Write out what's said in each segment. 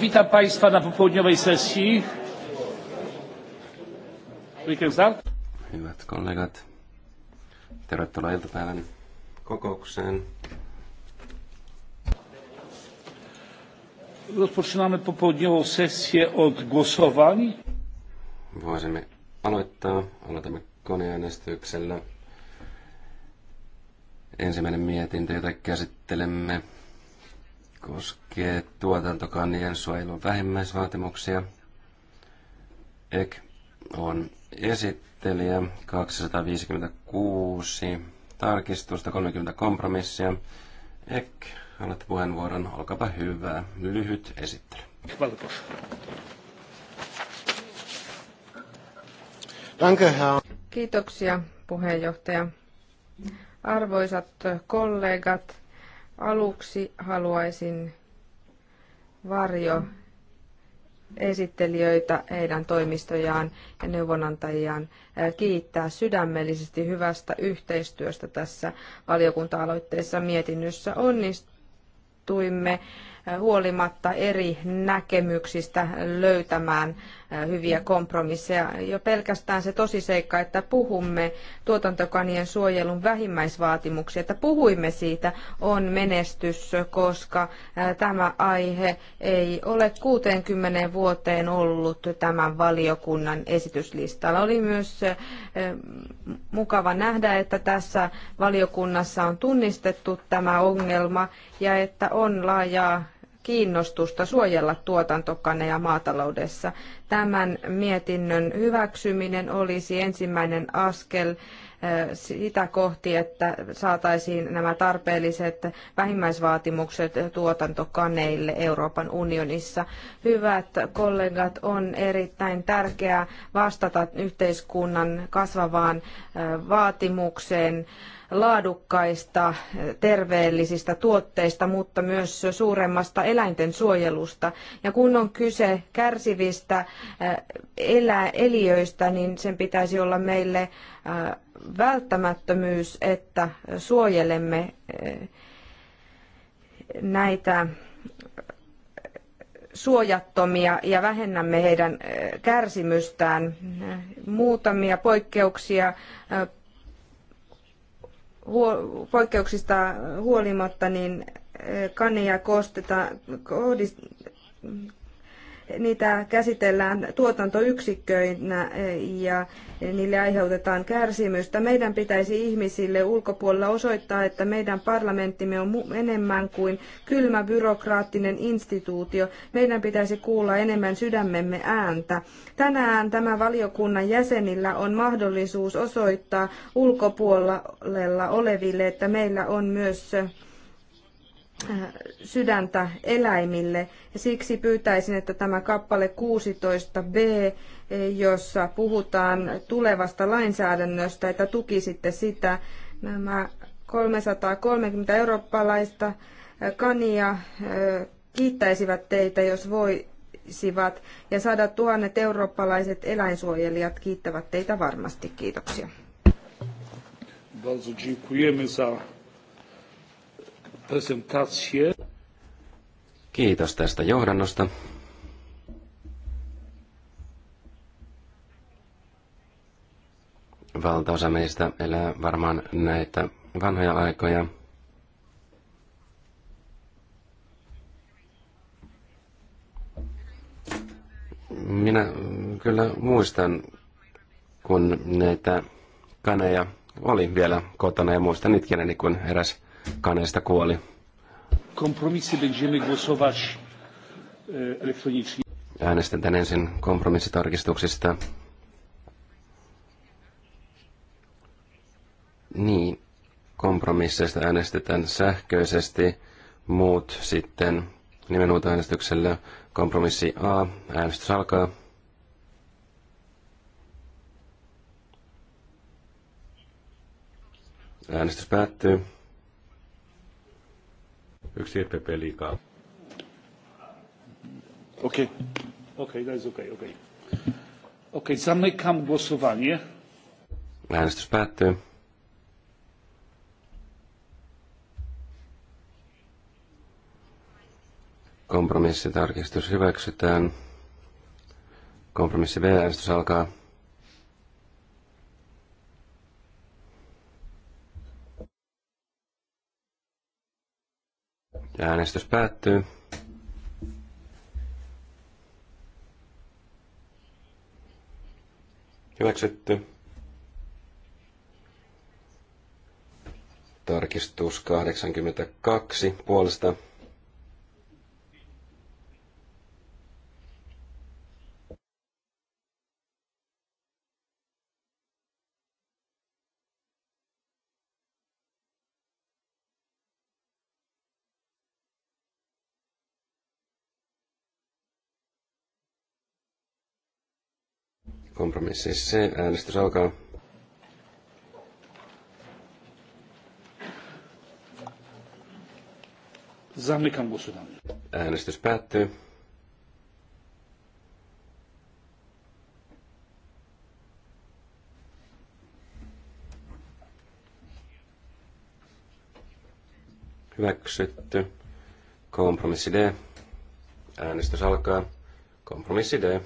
Witam Państwa na popołudniowej sesji. Hyvät kollegat, tervetuloa iltapäivän kokoukseen. Rozpoczynamy popołudniową sesję od głosowań. Voisimme aloittaa. Aloitamme koneäänestyksellä. Ensimmäinen mietintö, jota käsittelemme, koskee tuotantokannien suojelun vähimmäisvaatimuksia. EK on esittelijä 256 tarkistusta, 30 kompromissia. Ek, annat puheenvuoron, olkapa hyvä. Lyhyt esittely. Valkos. Kiitoksia puheenjohtaja. Arvoisat kollegat, aluksi haluaisin varjo esittelijöitä, heidän toimistojaan ja neuvonantajiaan eh, kiittää sydämellisesti hyvästä yhteistyöstä tässä valiokunta-aloitteessa mietinnössä. Onnistuimme eh, huolimatta eri näkemyksistä löytämään hyviä kompromisseja. Jo pelkästään se tosiseikka, että puhumme tuotantokanien suojelun vähimmäisvaatimuksia, että puhuimme siitä, on menestys, koska tämä aihe ei ole 60 vuoteen ollut tämän valiokunnan esityslistalla. Oli myös mukava nähdä, että tässä valiokunnassa on tunnistettu tämä ongelma ja että on laajaa kiinnostusta suojella tuotantokaneja maataloudessa. Tämän mietinnön hyväksyminen olisi ensimmäinen askel sitä kohti, että saataisiin nämä tarpeelliset vähimmäisvaatimukset tuotantokaneille Euroopan unionissa. Hyvät kollegat, on erittäin tärkeää vastata yhteiskunnan kasvavaan vaatimukseen laadukkaista, terveellisistä tuotteista, mutta myös suuremmasta eläinten suojelusta. Ja kun on kyse kärsivistä eh, eliöistä, niin sen pitäisi olla meille eh, välttämättömyys, että suojelemme eh, näitä suojattomia ja vähennämme heidän kärsimystään. Muutamia poikkeuksia poikkeuksista huolimatta, niin eh, kanneja koosteta, niitä käsitellään tuotantoyksikköinä eh, ja niille aiheutetaan kärsimystä. Meidän pitäisi ihmisille ulkopuolella osoittaa, että meidän parlamenttimme on enemmän kuin kylmä byrokraattinen instituutio. Meidän pitäisi kuulla enemmän sydämemme ääntä. Tänään tämä valiokunnan jäsenillä on mahdollisuus osoittaa ulkopuolella oleville, että meillä on myös Äh, sydäntä eläimille. Ja siksi pyytäisin, että tämä kappale 16b, jossa puhutaan tulevasta lainsäädännöstä, että tukisitte sitä. Nämä 330 eurooppalaista äh, kania äh, kiittäisivät teitä, jos voisivat, ja sadat tuhannet eurooppalaiset eläinsuojelijat kiittävät teitä varmasti. Kiitoksia. Bardzo dziękujemy za Kiitos tästä johdannosta. Valtaosa meistä elää varmaan näitä vanhoja aikoja. Minä kyllä muistan, kun näitä kaneja oli vielä kotona ja muistan itkeneeni, kun eräs kaneista kuoli. Kompromissi będziemy głosować e, elektronicznie. Äänestän tän ensin kompromissitarkistuksista. Niin, kompromisseista äänestetään sähköisesti, muut sitten nimenhuutoäänestyksellä. Kompromissi A, äänestys alkaa. Äänestys päättyy. Yksi EPP liikaa. Okei. Okay. Okei, okay, okei, okay, okei. Okay. Okei, okay, zamykam głosowanie. Äänestys päättyy. Kompromissitarkistus hyväksytään. Kompromissi B-äänestys alkaa. Äänestys päättyy. Hyväksytty. Tarkistus 82 puolesta Kompromissi siis. se Äänestys alkaa. Äänestys päättyy. Hyväksytty. Kompromissi D. Äänestys alkaa. Kompromissi D.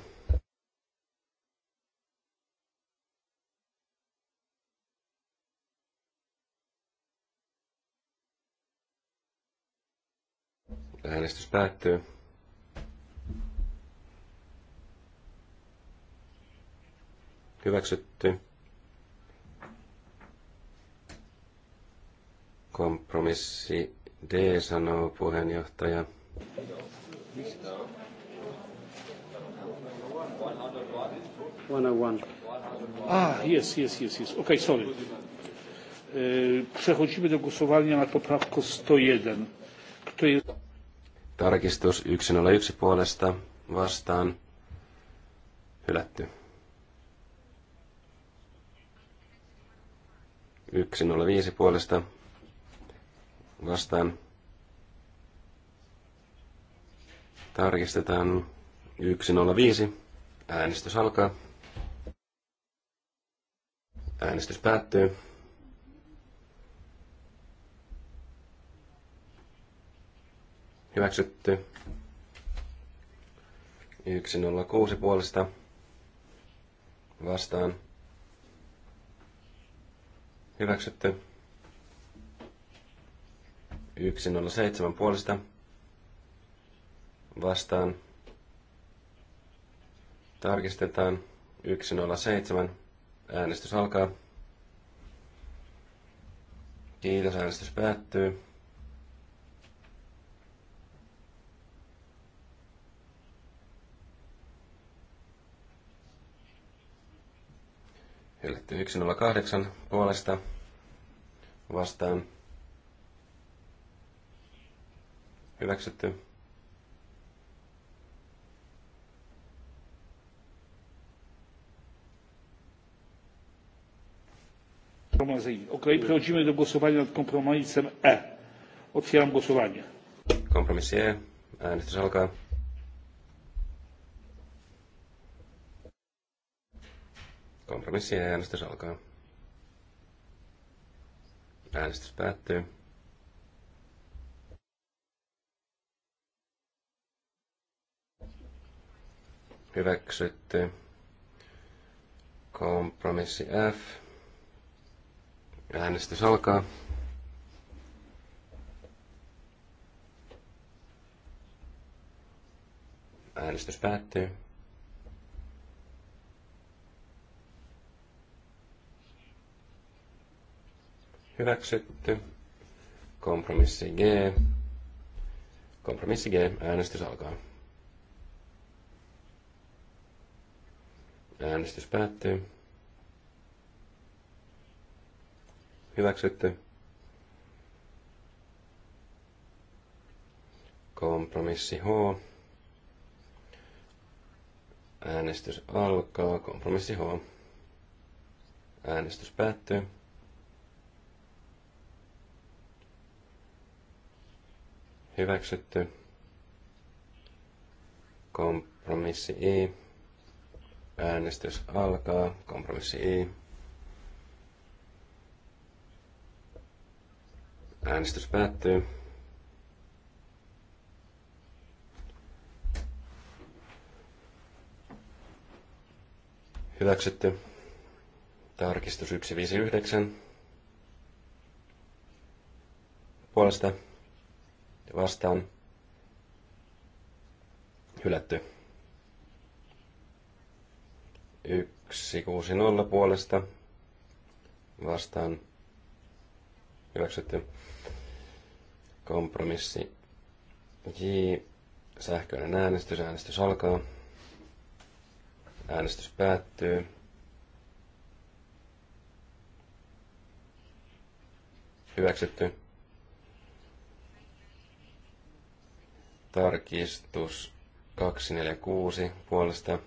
Äänestys päättyy. Hyväksytty. Kompromissi D, sanoo puheenjohtaja. Oh ah, jest, jest, jest, jest. Okej, okay, sorry. E, przechodzimy do głosowania nad poprawką 101. Kto jest... Tarkistus 101 puolesta vastaan hylätty. 105 puolesta vastaan tarkistetaan 105. Äänestys alkaa. Äänestys päättyy. Hyväksytty. 106 puolesta. Vastaan. Hyväksytty. 107 puolesta. Vastaan. Tarkistetaan. 107. Äänestys alkaa. Kiitos, äänestys päättyy. Hylätty 108 puolesta vastaan. Hyväksytty. Ok, przechodzimy do głosowania nad kompromisem E. Otwieram głosowanie. Kompromis E. Äänestys alkaa. Kompromissien äänestys alkaa. Äänestys päättyy. Hyväksytty. Kompromissi F. Äänestys alkaa. Äänestys päättyy. Hyväksytty. Kompromissi G. Kompromissi G. Äänestys alkaa. Äänestys päättyy. Hyväksytty. Kompromissi H. Äänestys alkaa. Kompromissi H. Äänestys päättyy. hyväksytty. Kompromissi I. Äänestys alkaa. Kompromissi I. Äänestys päättyy. Hyväksytty. Tarkistus 159. Puolesta vastaan hylätty. 160 puolesta vastaan hyväksytty kompromissi J. Sähköinen äänestys. Äänestys alkaa. Äänestys päättyy. Hyväksytty. Tarkistus 246 puolesta.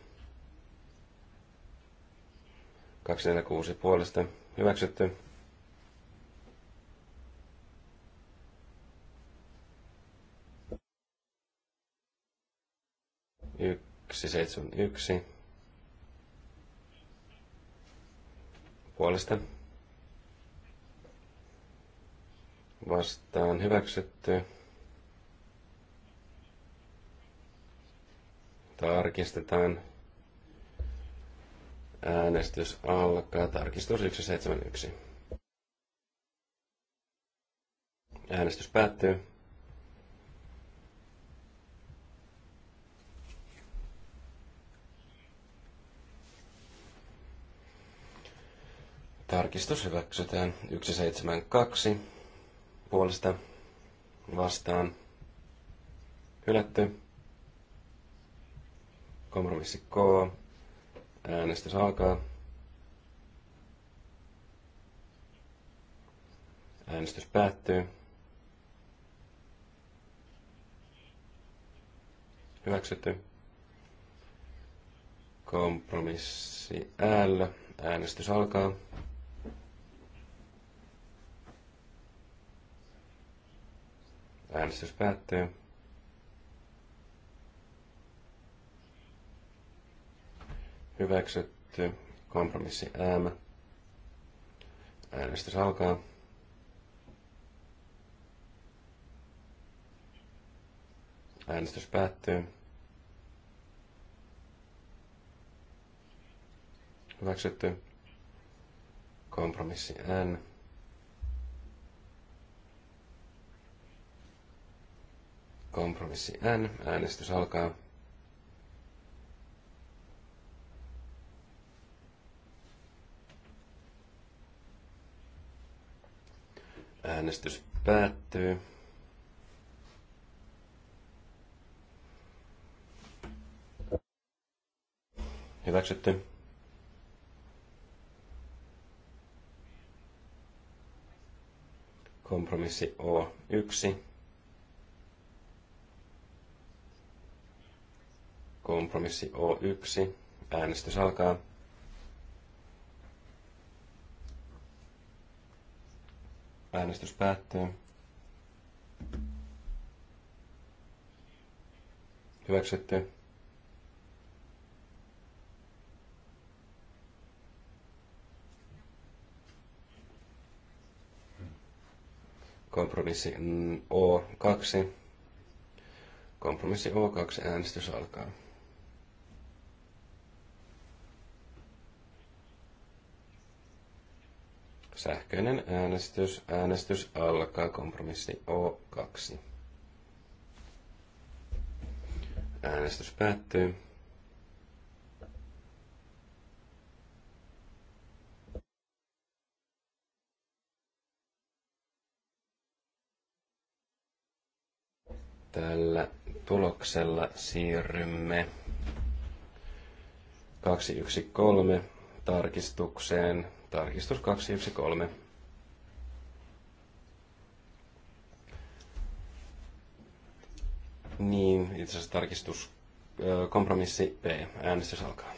246 puolesta. Hyväksytty. Yksi, seitsemän, yksi. Puolesta. Vastaan hyväksytty. Tarkistetaan. Äänestys alkaa. Tarkistus 171. Äänestys päättyy. Tarkistus hyväksytään 172 puolesta vastaan hylätty Kompromissi K. Äänestys alkaa. Äänestys päättyy. Hyväksytty. Kompromissi L. Äänestys alkaa. Äänestys päättyy. Hyväksytty. Kompromissi M. Äänestys alkaa. Äänestys päättyy. Hyväksytty. Kompromissi N. Kompromissi N. Äänestys alkaa. Äänestys päättyy. Hyväksytty. Kompromissi O1. Kompromissi O1. Äänestys alkaa. Äänestys päättyy. Hyväksytty. Kompromissi O2. Kompromissi O2 äänestys alkaa. Sähköinen äänestys. Äänestys alkaa. Kompromissi O2. Äänestys päättyy. Tällä tuloksella siirrymme 213 tarkistukseen Tarkistus 213. Niin, itse asiassa tarkistus, kompromissi B. Äänestys alkaa.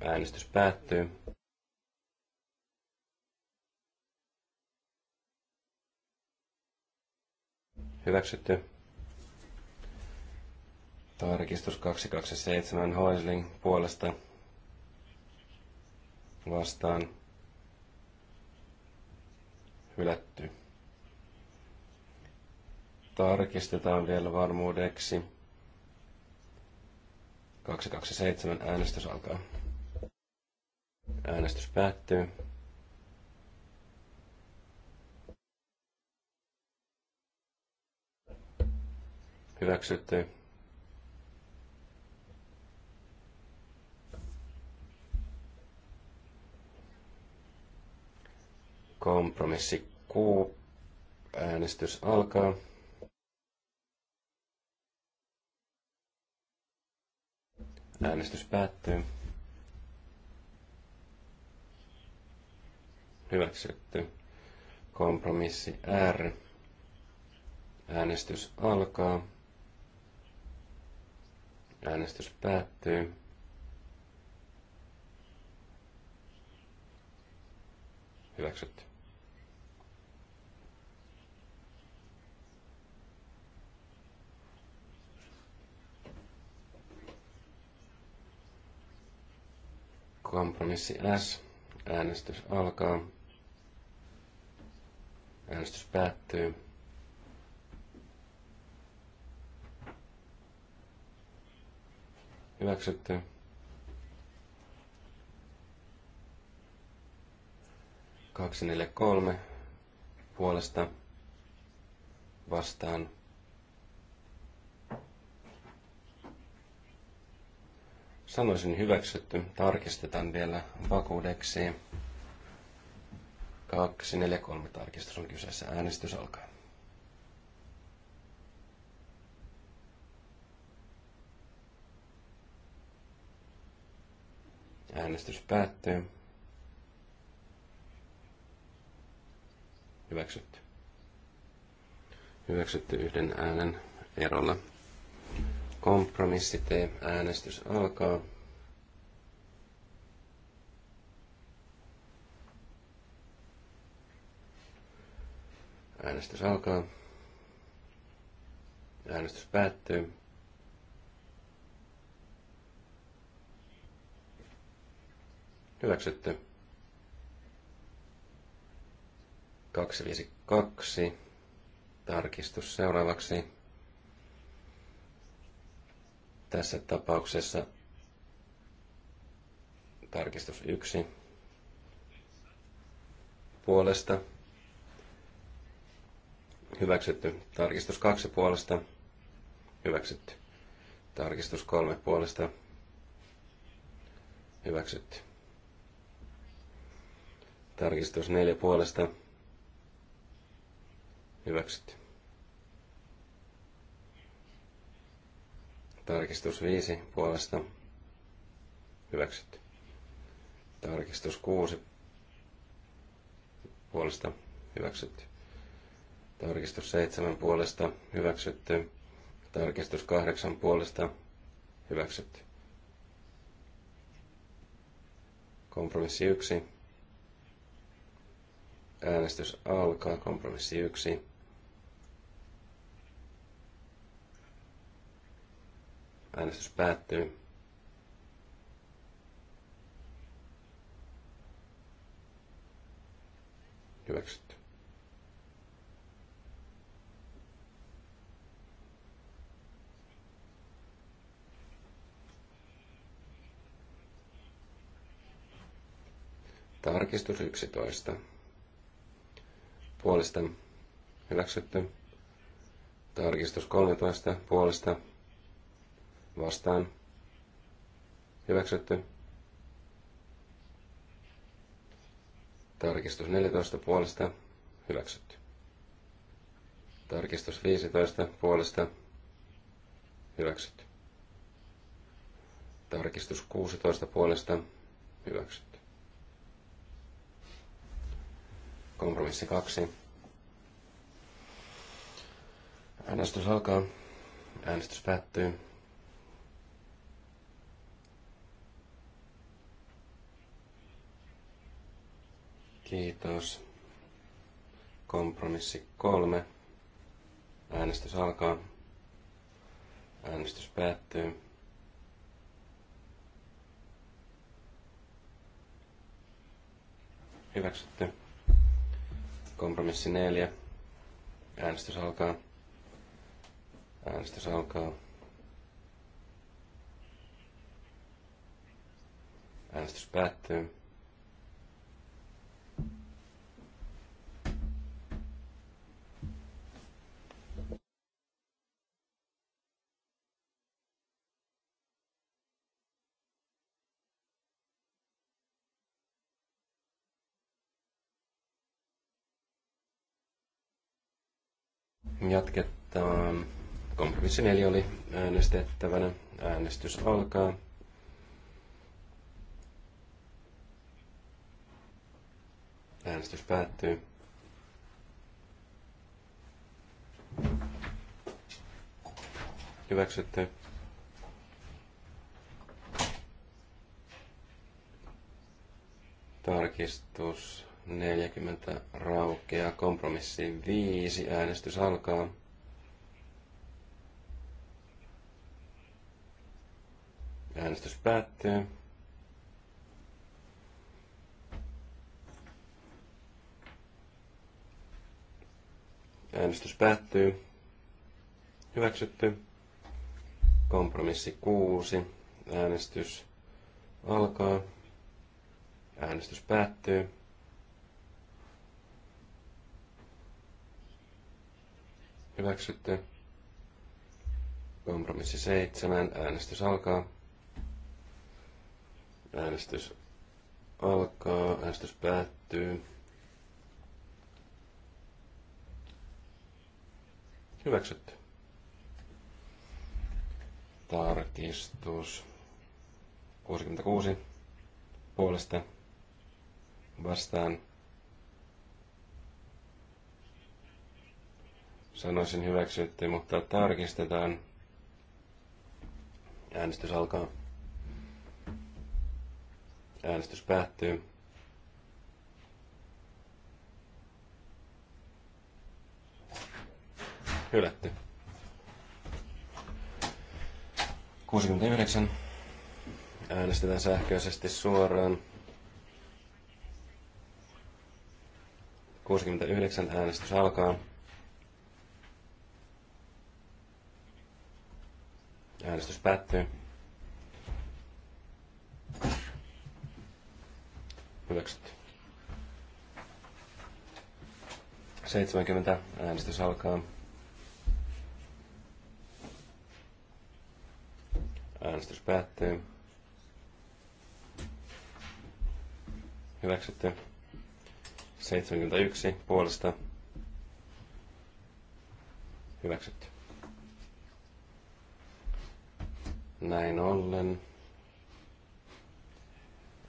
Äänestys päättyy. Hyväksytty. Tarkistus 227 Hoisling puolesta vastaan hylätty. Tarkistetaan vielä varmuudeksi. 227 äänestys alkaa. Äänestys päättyy. Hyväksytty. Kompromissi Q. Äänestys alkaa. Äänestys päättyy. Hyväksytty. Kompromissi R. Äänestys alkaa. Äänestys päättyy. Hyväksytty. Kompromissi S. Äänestys alkaa. Äänestys päättyy. Hyväksytty. Kaksi, neljä, kolme puolesta vastaan Sanoisin hyväksytty. Tarkistetaan vielä vakuudeksi. 243 tarkistus on kyseessä. Äänestys alkaa. Äänestys päättyy. Hyväksytty. Hyväksytty yhden äänen erolla. Kompromissi T. Äänestys alkaa. Äänestys alkaa. Äänestys päättyy. Hyväksytty. 252. Tarkistus seuraavaksi. Tässä tapauksessa tarkistus 1 puolesta Hyväksytty. Tarkistus kaksi puolesta. Hyväksytty. Tarkistus kolme puolesta. Hyväksytty. Tarkistus neljä puolesta. Hyväksytty. Tarkistus viisi puolesta. Hyväksytty. Tarkistus kuusi puolesta. Hyväksytty. Tarkistus 7 puolesta hyväksytty. Tarkistus 8 puolesta hyväksytty. Kompromissi 1. Äänestys alkaa. Kompromissi 1. Äänestys päättyy. Hyväksytty. Tarkistus 11. Puolesta hyväksytty. Tarkistus 13. Puolesta vastaan hyväksytty. Tarkistus 14. Puolesta hyväksytty. Tarkistus 15. Puolesta hyväksytty. Tarkistus 16. Puolesta hyväksytty. Kompromissi kaksi. Äänestys alkaa. Äänestys päättyy. Kiitos. Kompromissi kolme. Äänestys alkaa. Äänestys päättyy. Hyväksytty. Kompromissi 4. Äänestys alkaa. Äänestys alkaa. Äänestys päättyy. Jatketaan. Kompromissi 4 oli äänestettävänä. Äänestys alkaa. Äänestys päättyy. Hyväksytty. Tarkistus 40 raukeaa. Kompromissi 5. Äänestys alkaa. Äänestys päättyy. Äänestys päättyy. Hyväksytty. Kompromissi 6. Äänestys alkaa. Äänestys päättyy. Hyväksytty. Kompromissi 7. Äänestys alkaa. Äänestys alkaa. Äänestys päättyy. Hyväksytty. Tarkistus. 66 puolesta vastaan sanoisin hyväksytti, mutta tarkistetaan. Äänestys alkaa. Äänestys päättyy. Hylätty. 69. Äänestetään sähköisesti suoraan. 69 äänestys alkaa. Äänestys päättyy. Hyväksytty. 70. Äänestys alkaa. Äänestys päättyy. Hyväksytty. 71 puolesta. Hyväksytty. Näin ollen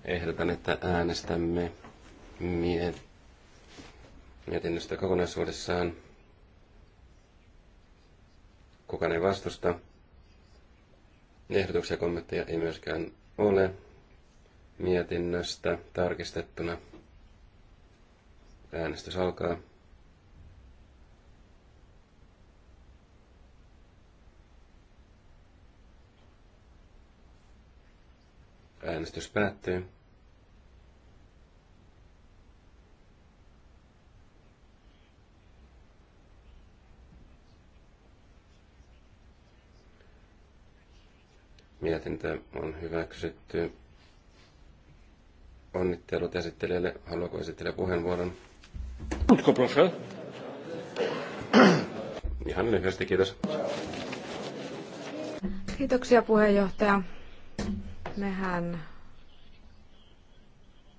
ehdotan, että äänestämme mietinnöstä kokonaisuudessaan. Kukaan ei vastusta. Ehdotuksia ja kommentteja ei myöskään ole mietinnöstä tarkistettuna. Äänestys alkaa. Äänestys päättyy. Mietintö on hyväksytty. Onnittelut esittelijälle. Haluatko esittelijä puheenvuoron? Tutko, proszę? Ihan lyhyesti, kiitos. Kiitoksia puheenjohtaja. Mehän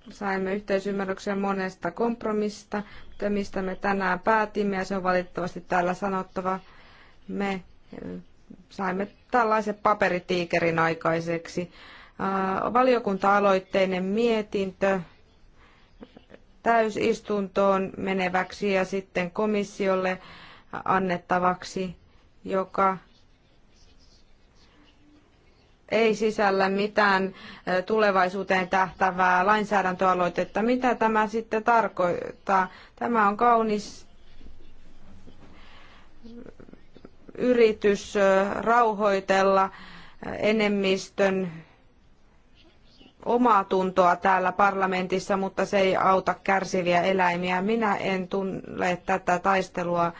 saimme yhteisymmärryksen monesta kompromista, mistä me tänään päätimme, ja se on valitettavasti täällä sanottava. Me saimme tällaisen paperitiikerin aikaiseksi. Valiokunta-aloitteinen mietintö täysistuntoon meneväksi ja sitten komissiolle annettavaksi, joka ei sisällä mitään tulevaisuuteen tähtävää lainsäädäntöaloitetta. Mitä tämä sitten tarkoittaa? Tämä on kaunis yritys rauhoitella enemmistön omaa tuntoa täällä parlamentissa, mutta se ei auta kärsiviä eläimiä. Minä en tule tätä taistelua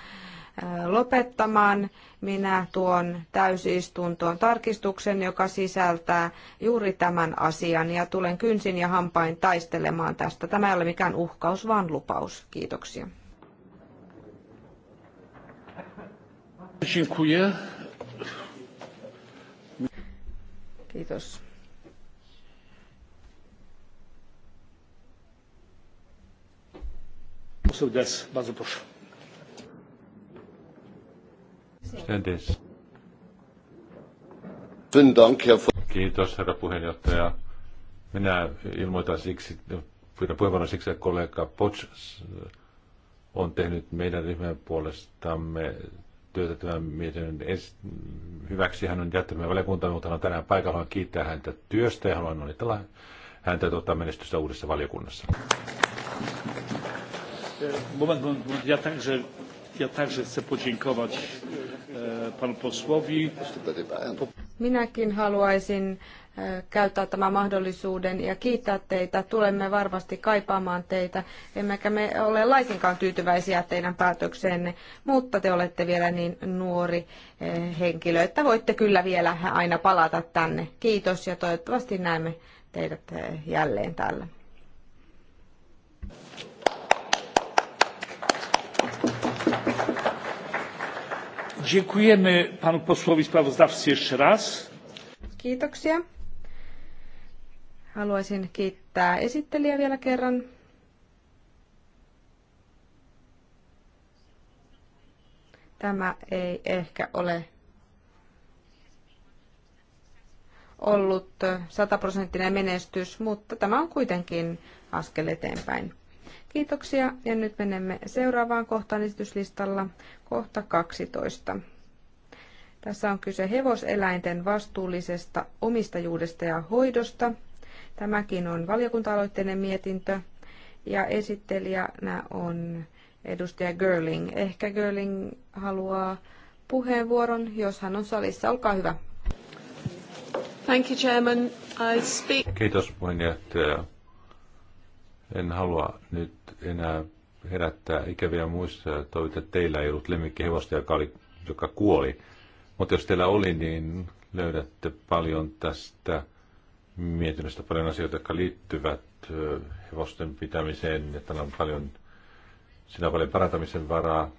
lopettamaan minä tuon täysistuntoon tarkistuksen, joka sisältää juuri tämän asian ja tulen kynsin ja hampain taistelemaan tästä. Tämä ei ole mikään uhkaus, vaan lupaus. Kiitoksia. Kiitos. bardzo proszę. Sendes. Kiitos, herra puheenjohtaja. Minä ilmoitan siksi, pyydän puheenvuoron siksi, että kollega Potsch on tehnyt meidän ryhmän puolestamme työtä tämän mietinnön hyväksi. Hän on jättänyt valiokuntaan, mutta hän on tänään paikalla. Haluan kiittää häntä työstä ja haluan onnitella häntä tuottaa menestystä uudessa valiokunnassa. Moment, moment, ja także ja także chcę podziękować e, panu posłowi. Minäkin haluaisin e, käyttää tämän mahdollisuuden ja kiittää teitä. Tulemme varmasti kaipaamaan teitä, emmekä me ole laisinkaan tyytyväisiä teidän päätökseenne, mutta te olette vielä niin nuori e, henkilö, että voitte kyllä vielä aina palata tänne. Kiitos ja toivottavasti näemme teidät jälleen täällä. Dziękujemy panu posłowi sprawozdawcy jeszcze raz. Kiitoksia. Haluaisin kiittää esittelijä vielä kerran. Tämä ei ehkä ole ollut sataprosenttinen menestys, mutta tämä on kuitenkin askel eteenpäin. Kiitoksia ja nyt menemme seuraavaan kohtaan esityslistalla, kohta 12. Tässä on kyse hevoseläinten vastuullisesta omistajuudesta ja hoidosta. Tämäkin on valiokunta-aloitteinen mietintö ja esittelijänä on edustaja Görling. Ehkä Görling haluaa puheenvuoron, jos hän on salissa. Olkaa hyvä. Thank you, Chairman. I speak... Kiitos puheenjohtaja. En halua nyt enää herättää ikäviä muistoja. Toivon, että teillä ei ollut lemmikkihevosta, joka, oli, joka kuoli. Mutta jos teillä oli, niin löydätte paljon tästä mietinnöstä paljon asioita, jotka liittyvät hevosten pitämiseen. Että on paljon, siinä on paljon parantamisen varaa.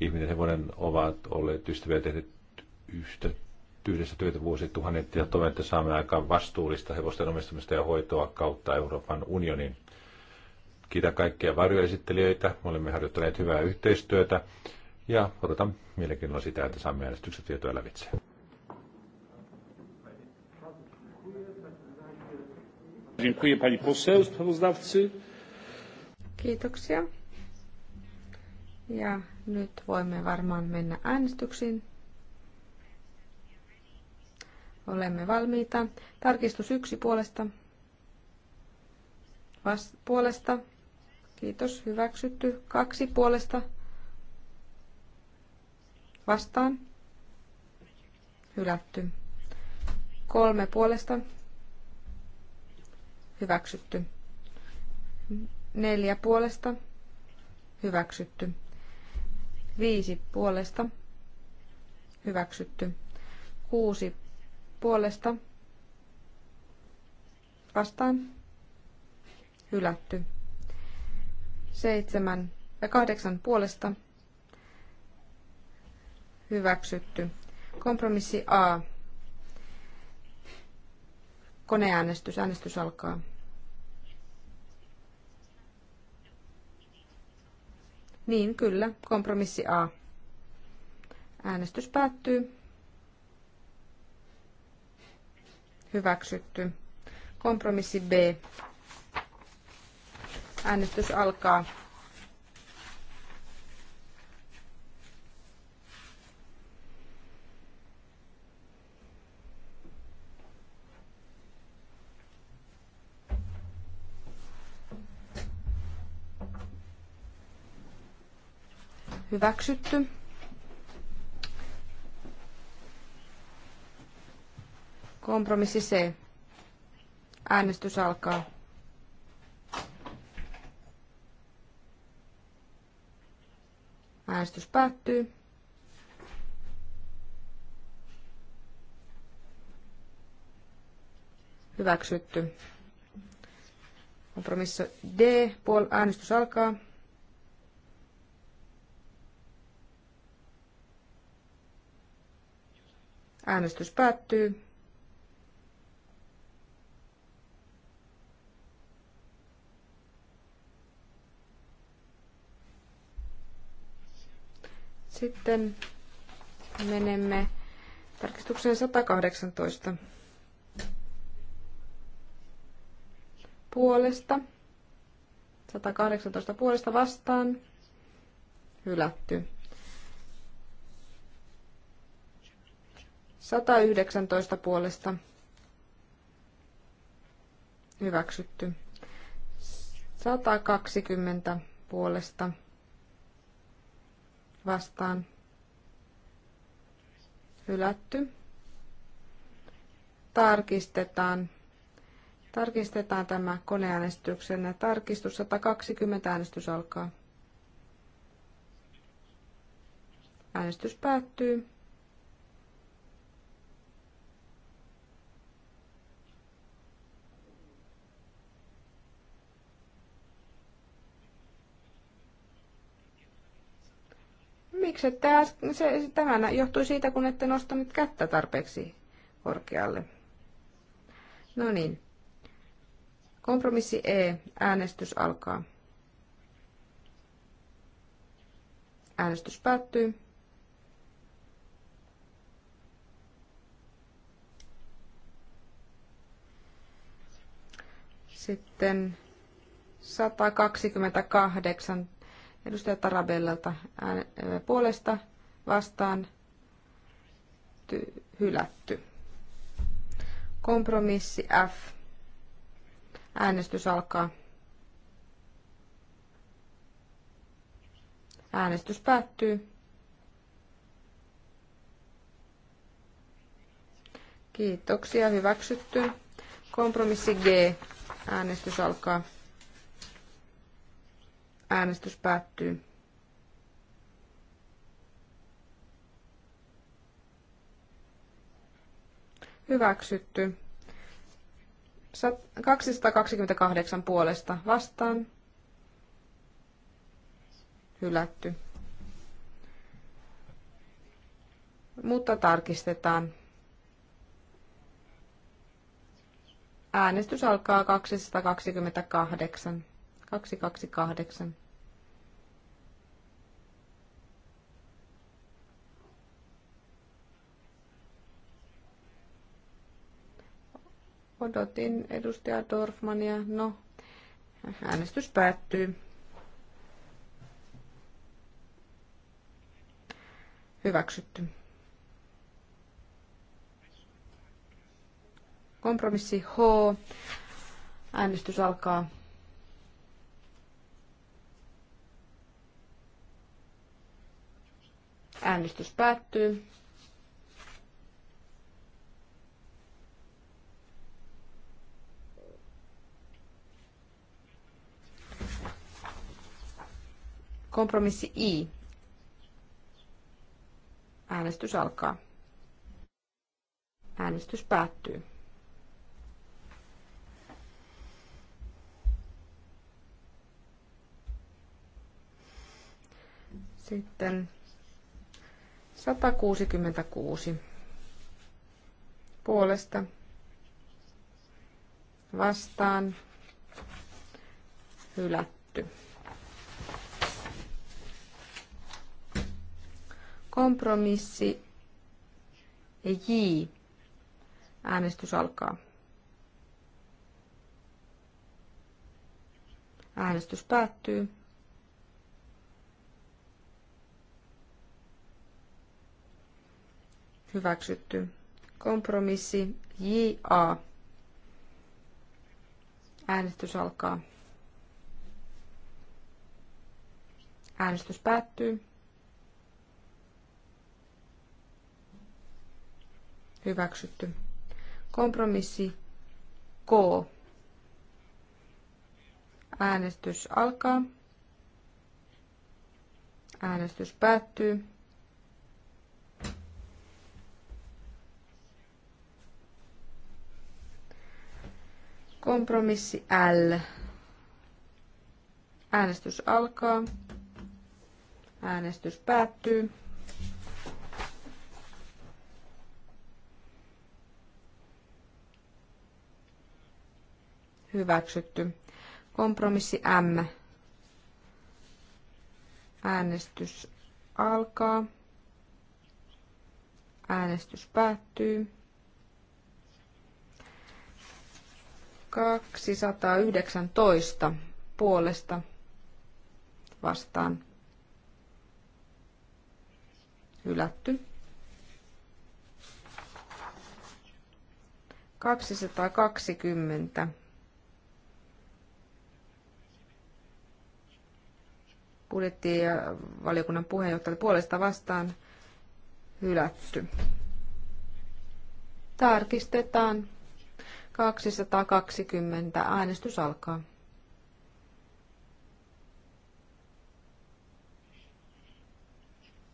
Ihminen hevonen ovat olleet ystäviä tehneet yhtä, yhdessä työtä vuosituhannet ja toivon, että saamme aikaan vastuullista hevosten omistamista ja hoitoa kautta Euroopan unionin. Kiitä kaikkia varjoesittelijöitä. Olemme harjoittaneet hyvää yhteistyötä ja odotan mielenkiinnolla sitä, että saamme äänestykset tietoja lävitse. Kiitoksia. Ja nyt voimme varmaan mennä äänestyksiin. Olemme valmiita. Tarkistus yksi puolesta. Vast- puolesta Kiitos. Hyväksytty. Kaksi puolesta. Vastaan. Hylätty. Kolme puolesta. Hyväksytty. Neljä puolesta. Hyväksytty. Viisi puolesta. Hyväksytty. Kuusi puolesta. Vastaan. Hylätty seitsemän ja kahdeksan puolesta hyväksytty. Kompromissi A. Koneäänestys. Äänestys alkaa. Niin, kyllä. Kompromissi A. Äänestys päättyy. Hyväksytty. Kompromissi B. Äänestys alkaa. Hyväksytty. Kompromissi C. Äänestys alkaa. Äänestys päättyy. Hyväksytty. Kompromissi D. Puol- äänestys alkaa. Äänestys päättyy. Sitten menemme tarkistukseen 118. Puolesta. 118 puolesta vastaan. Hylätty. 119 puolesta. Hyväksytty. 120 puolesta vastaan hylätty. Tarkistetaan. Tarkistetaan tämä koneäänestyksenä. Tarkistus 120 äänestys alkaa. Äänestys päättyy. Siksi, että se, tämä johtui siitä, kun ette nostanut kättä tarpeeksi korkealle. No niin. Kompromissi E. Äänestys alkaa. Äänestys päättyy. Sitten 128 edustaja Tarabellalta puolesta vastaan ty- hylätty. Kompromissi F. Äänestys alkaa. Äänestys päättyy. Kiitoksia, hyväksytty. Kompromissi G. Äänestys alkaa. Äänestys päättyy. Hyväksytty. 228 puolesta vastaan. Hylätty. Mutta tarkistetaan. Äänestys alkaa 228. 228. Odotin edustaja Dorfmania. No, äänestys päättyy. Hyväksytty. Kompromissi H. Äänestys alkaa. Äänestys päättyy. Kompromissi I. Äänestys alkaa. Äänestys päättyy. Sitten 166 puolesta vastaan hylätty. Kompromissi J. Äänestys alkaa. Äänestys päättyy. Hyväksytty. Kompromissi JA. Äänestys alkaa. Äänestys päättyy. Hyväksytty. Kompromissi K. Äänestys alkaa. Äänestys päättyy. Kompromissi L. Äänestys alkaa. Äänestys päättyy. hyväksytty. Kompromissi M. Äänestys alkaa. Äänestys päättyy. 219 puolesta vastaan hylätty. 220 budjettivaliokunnan puheenjohtajalle puolesta vastaan hylätty. Tarkistetaan. 220. Äänestys alkaa.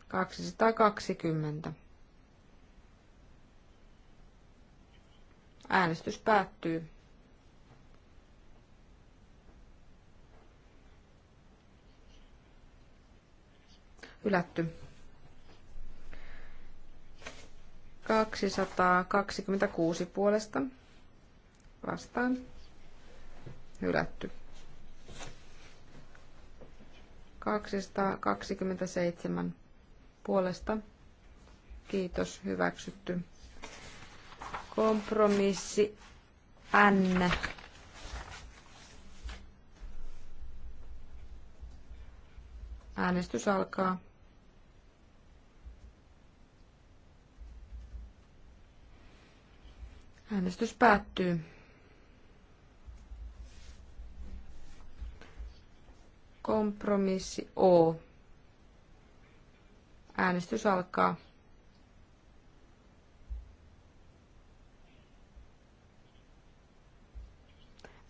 Kaksisataakaksikymmentä. Äänestys päättyy. Ylätty. 226 puolesta vastaan. Hylätty. 227 puolesta. Kiitos, hyväksytty. Kompromissi N. Äänestys alkaa. Äänestys päättyy. Kompromissi O. Äänestys alkaa.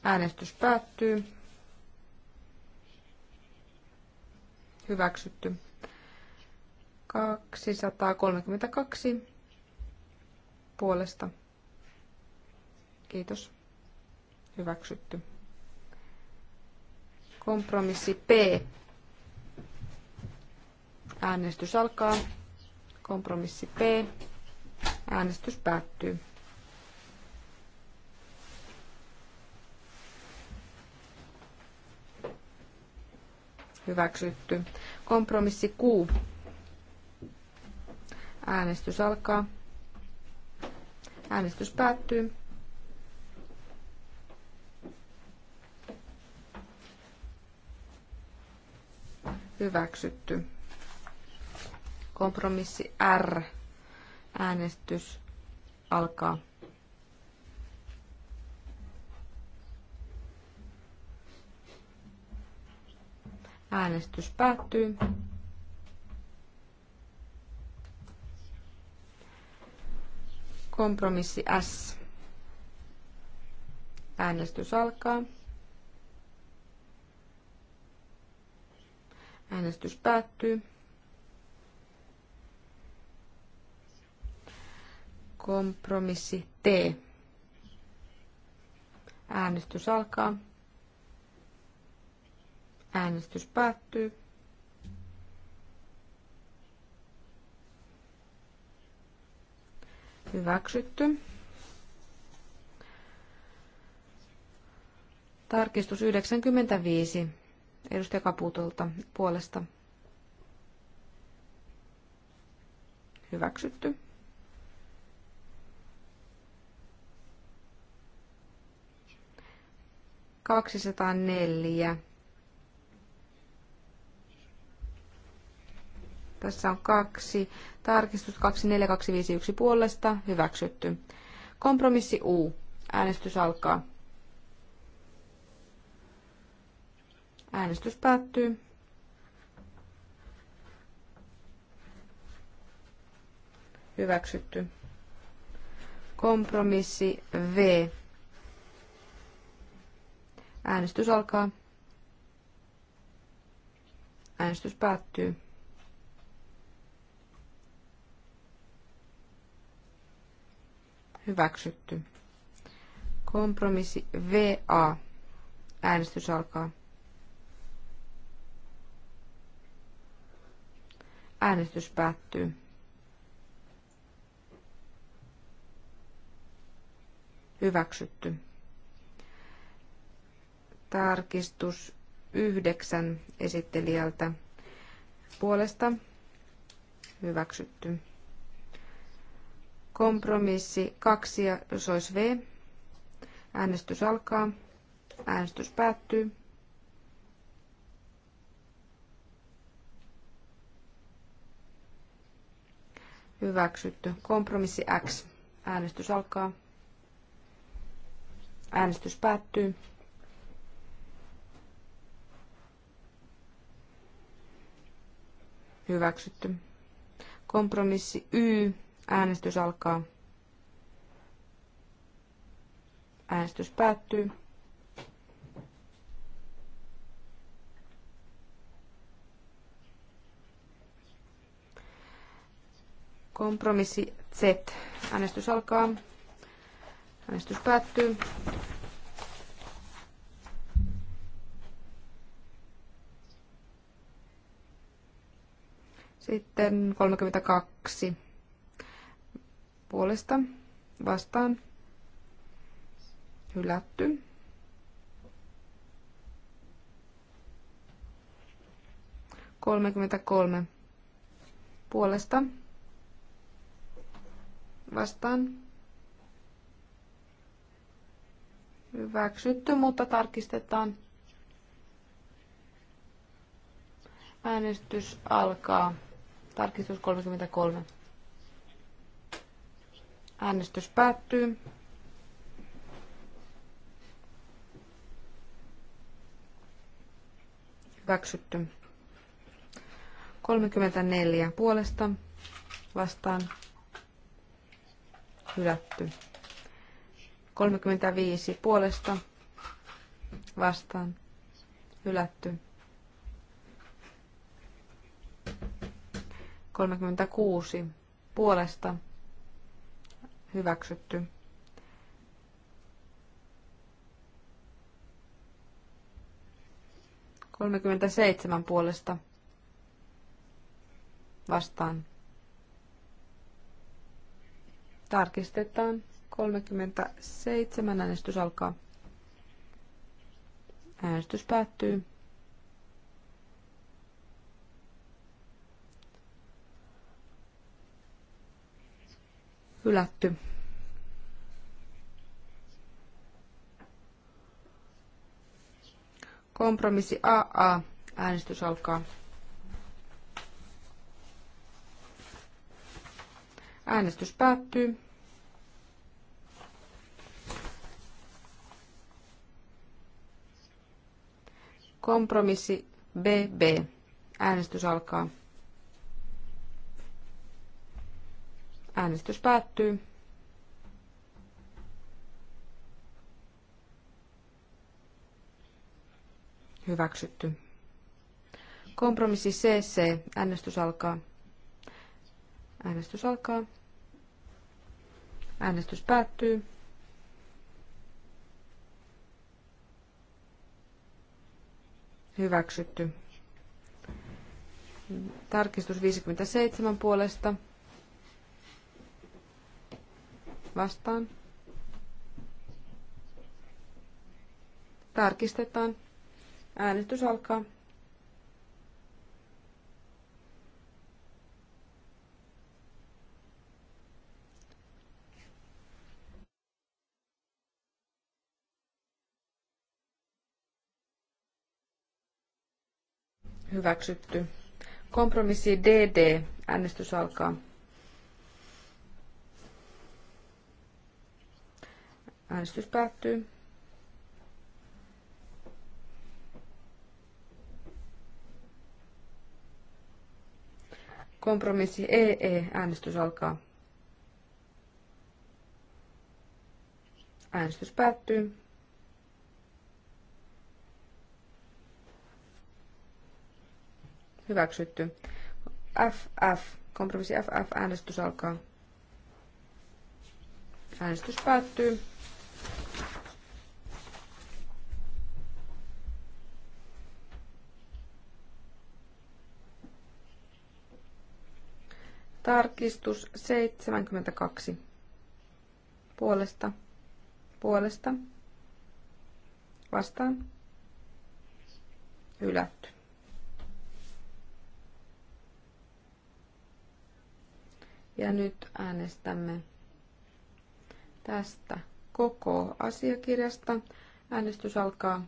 Äänestys päättyy. Hyväksytty. 232 puolesta Kiitos. Hyväksytty. Kompromissi P. Äänestys alkaa. Kompromissi P. Äänestys päättyy. Hyväksytty. Kompromissi Q. Äänestys alkaa. Äänestys päättyy. hyväksytty. Kompromissi R. Äänestys alkaa. Äänestys päättyy. Kompromissi S. Äänestys alkaa. Äänestys päättyy. Kompromissi T. Äänestys alkaa. Äänestys päättyy. Hyväksytty. Tarkistus 95 edustaja Kaputolta puolesta. Hyväksytty. neljä. Tässä on kaksi. Tarkistus 24251 puolesta. Hyväksytty. Kompromissi U. Äänestys alkaa. Äänestys päättyy. Hyväksytty. Kompromissi V. Äänestys alkaa. Äänestys päättyy. Hyväksytty. Kompromissi VA. Äänestys alkaa. Äänestys päättyy. Hyväksytty. Tarkistus yhdeksän esittelijältä puolesta. Hyväksytty. Kompromissi kaksi ja sois V. Äänestys alkaa. Äänestys päättyy. Hyväksytty. Kompromissi X. Äänestys alkaa. Äänestys päättyy. Hyväksytty. Kompromissi Y. Äänestys alkaa. Äänestys päättyy. Kompromissi Z. Äänestys alkaa. Äänestys päättyy. Sitten 32 puolesta vastaan hylätty. Kolmekymmentäkolme puolesta vastaan. Hyväksytty, mutta tarkistetaan. Äänestys alkaa. Tarkistus 33. Äänestys päättyy. Hyväksytty. 34 puolesta vastaan hylätty. 35 puolesta vastaan hylätty. 36 puolesta hyväksytty. 37 puolesta vastaan Tarkistetaan. 37. Äänestys alkaa. Äänestys päättyy. Hylätty. Kompromissi AA. Äänestys alkaa. Äänestys päättyy. Kompromissi BB. Äänestys alkaa. Äänestys päättyy. Hyväksytty. Kompromissi CC. Äänestys alkaa. Äänestys alkaa. Äänestys päättyy. Hyväksytty. Tarkistus 57 puolesta. Vastaan. Tarkistetaan. Äänestys alkaa. Hyväksytty. Kompromissi DD. Äänestys alkaa. Äänestys päättyy. Kompromissi EE. E. Äänestys alkaa. Äänestys päättyy. Hyväksytty. FF. Kompromissi FF. Äänestys alkaa. Äänestys päättyy. Tarkistus 72. Puolesta. Puolesta. Vastaan. Hylätty. Ja nyt äänestämme tästä koko asiakirjasta. Äänestys alkaa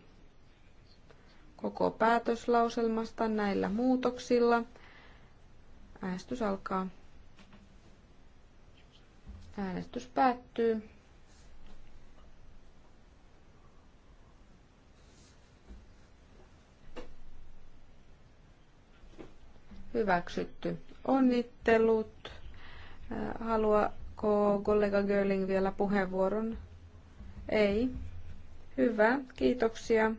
koko päätöslauselmasta näillä muutoksilla. Äänestys alkaa. Äänestys päättyy. Hyväksytty. Onnittelut. Äh, haluaako kollega Görling vielä puheenvuoron? Ei. Hyvä, kiitoksia.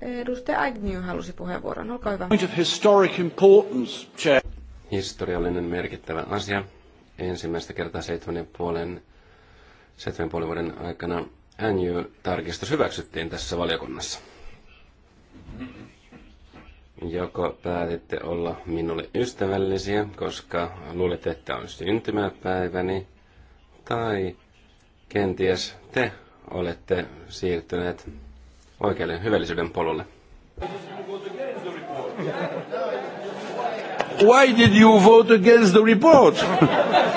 Edustaja Agnew halusi puheenvuoron. Olkaa hyvä. Historiallinen merkittävä asia. Ensimmäistä kertaa seitsemän ja puolen, seitsemän puolen vuoden aikana NU-tarkistus hyväksyttiin tässä valiokunnassa joko päätitte olla minulle ystävällisiä, koska luulet, että on syntymäpäiväni, tai kenties te olette siirtyneet oikealle hyvällisyyden polulle. Why did you vote against the report?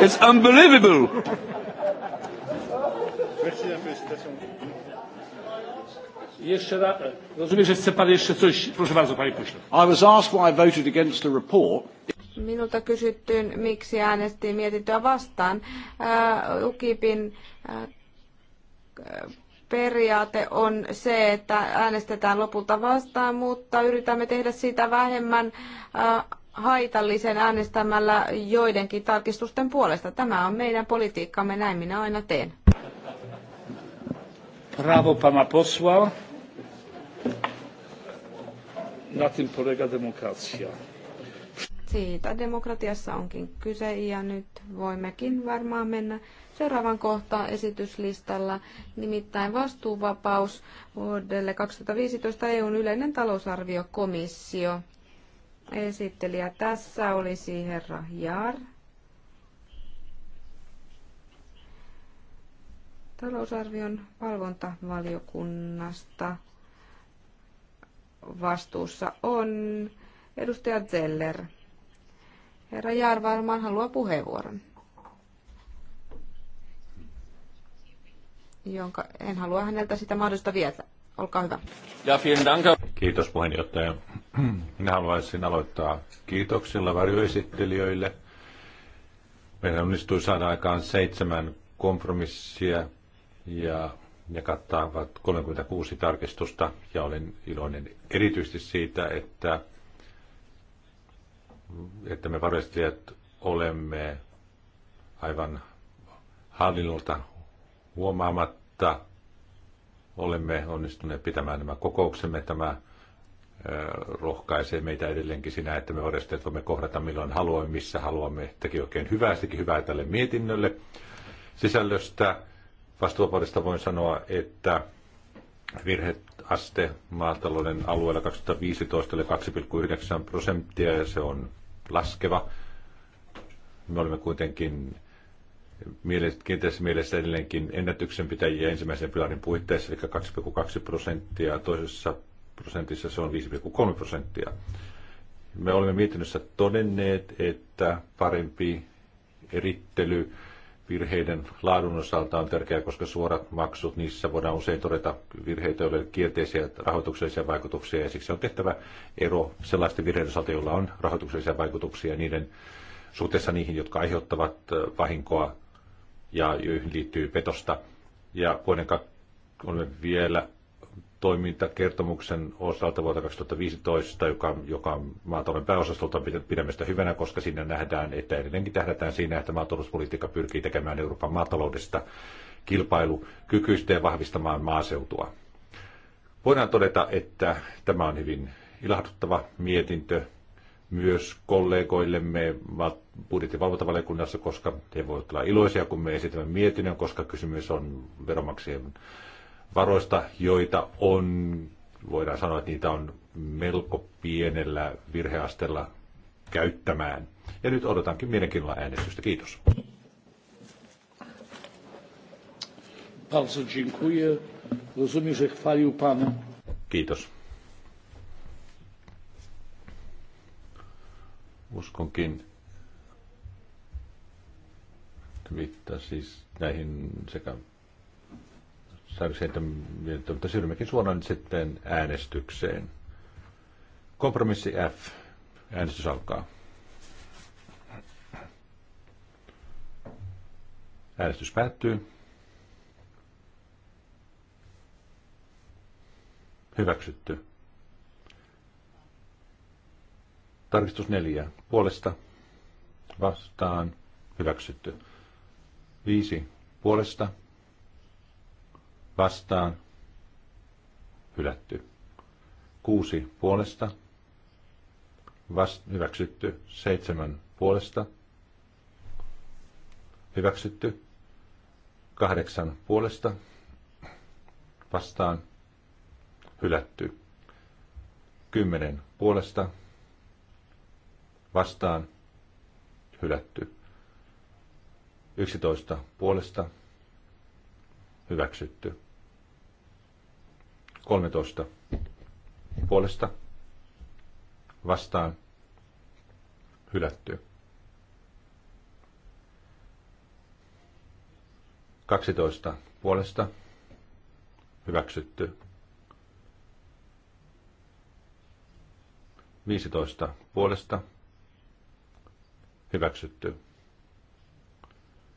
It's unbelievable. Rozumiem, że chce pan jeszcze coś. Proszę bardzo, panie pośle. I was asked why I voted against the report. Minulta kysyttiin, miksi äänestin mietintöä vastaan. Uh, UKIPin uh, periaate on se, että äänestetään lopulta vastaan, mutta yritämme tehdä siitä vähemmän äh, haitallisen äänestämällä joidenkin tarkistusten puolesta. Tämä on meidän politiikkamme, näin minä aina teen. Bravo, Pama posła. Na tym polega demokracja. Siitä demokratiassa onkin kyse ja nyt voimmekin varmaan mennä seuraavan kohtaan esityslistalla, nimittäin vastuuvapaus vuodelle 2015 EUn yleinen talousarviokomissio. Esittelijä tässä olisi herra Jar. Talousarvion valvontavaliokunnasta vastuussa on edustaja Zeller. Herra Jaar varmaan haluaa puheenvuoron. jonka en halua häneltä sitä mahdollista vietä. Olkaa hyvä. Ja dank. Kiitos puheenjohtaja. Minä haluaisin aloittaa kiitoksilla varjoesittelijöille. Meidän onnistui saada aikaan seitsemän kompromissia ja ne kattavat 36 tarkistusta ja olen iloinen erityisesti siitä, että, että me varastajat olemme aivan hallinnolta huomaamatta olemme onnistuneet pitämään nämä kokouksemme. Tämä rohkaisee meitä edelleenkin sinä, että me varastajat voimme kohdata milloin haluamme, missä haluamme. Teki oikein hyvää, sekin hyvää tälle mietinnölle sisällöstä vastuuvapaudesta voin sanoa, että virheaste maatalouden alueella 2015 oli 2,9 prosenttia ja se on laskeva. Me olemme kuitenkin kiinteässä mielessä edelleenkin ennätyksen pitäjiä ensimmäisen pilarin puitteissa, eli 2,2 prosenttia, toisessa prosentissa se on 5,3 prosenttia. Me olemme mietinnössä todenneet, että parempi erittely Virheiden laadun osalta on tärkeää, koska suorat maksut, niissä voidaan usein todeta virheitä, joille kielteisiä rahoituksellisia vaikutuksia, ja siksi on tehtävä ero sellaisten virheiden osalta, joilla on rahoituksellisia vaikutuksia niiden suhteessa niihin, jotka aiheuttavat vahinkoa ja joihin liittyy petosta. Ja vuoden olemme vielä toimintakertomuksen osalta vuotta 2015, joka, joka on maatalouden pääosastolta pidämme sitä hyvänä, koska siinä nähdään, että edelleenkin tähdätään siinä, että maatalouspolitiikka pyrkii tekemään Euroopan maataloudesta kilpailukykyistä ja vahvistamaan maaseutua. Voidaan todeta, että tämä on hyvin ilahduttava mietintö myös kollegoillemme budjettivalvontavaliokunnassa, koska he voivat olla iloisia, kun me esitämme mietinnön, koska kysymys on veromaksien varoista, joita on, voidaan sanoa, että niitä on melko pienellä virheastella käyttämään. Ja nyt odotankin mielenkiinnolla äänestystä. Kiitos. Bardzo dziękuję. Rozumiem, że chwalił Pan. Kiitos. Uskonkin, että siis näihin sekä että, mutta siirrymmekin suoraan sitten äänestykseen. Kompromissi F. Äänestys alkaa. Äänestys päättyy. Hyväksytty. Tarkistus neljä. Puolesta. Vastaan. Hyväksytty. Viisi. Puolesta vastaan, hylätty. Kuusi puolesta, vast, hyväksytty. Seitsemän puolesta, hyväksytty. Kahdeksan puolesta, vastaan, hylätty. Kymmenen puolesta, vastaan, hylätty. Yksitoista puolesta, hyväksytty. 13. Puolesta vastaan hylätty. 12. Puolesta hyväksytty. 15. Puolesta hyväksytty.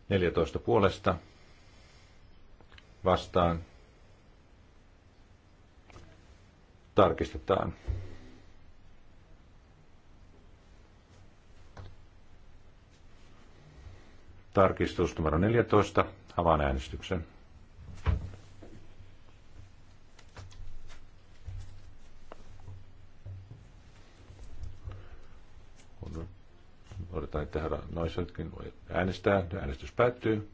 14. Puolesta vastaan tarkistetaan. Tarkistus numero 14. Avaan äänestyksen. Odotetaan, että herra Noisetkin voi äänestää. Äänestys päättyy.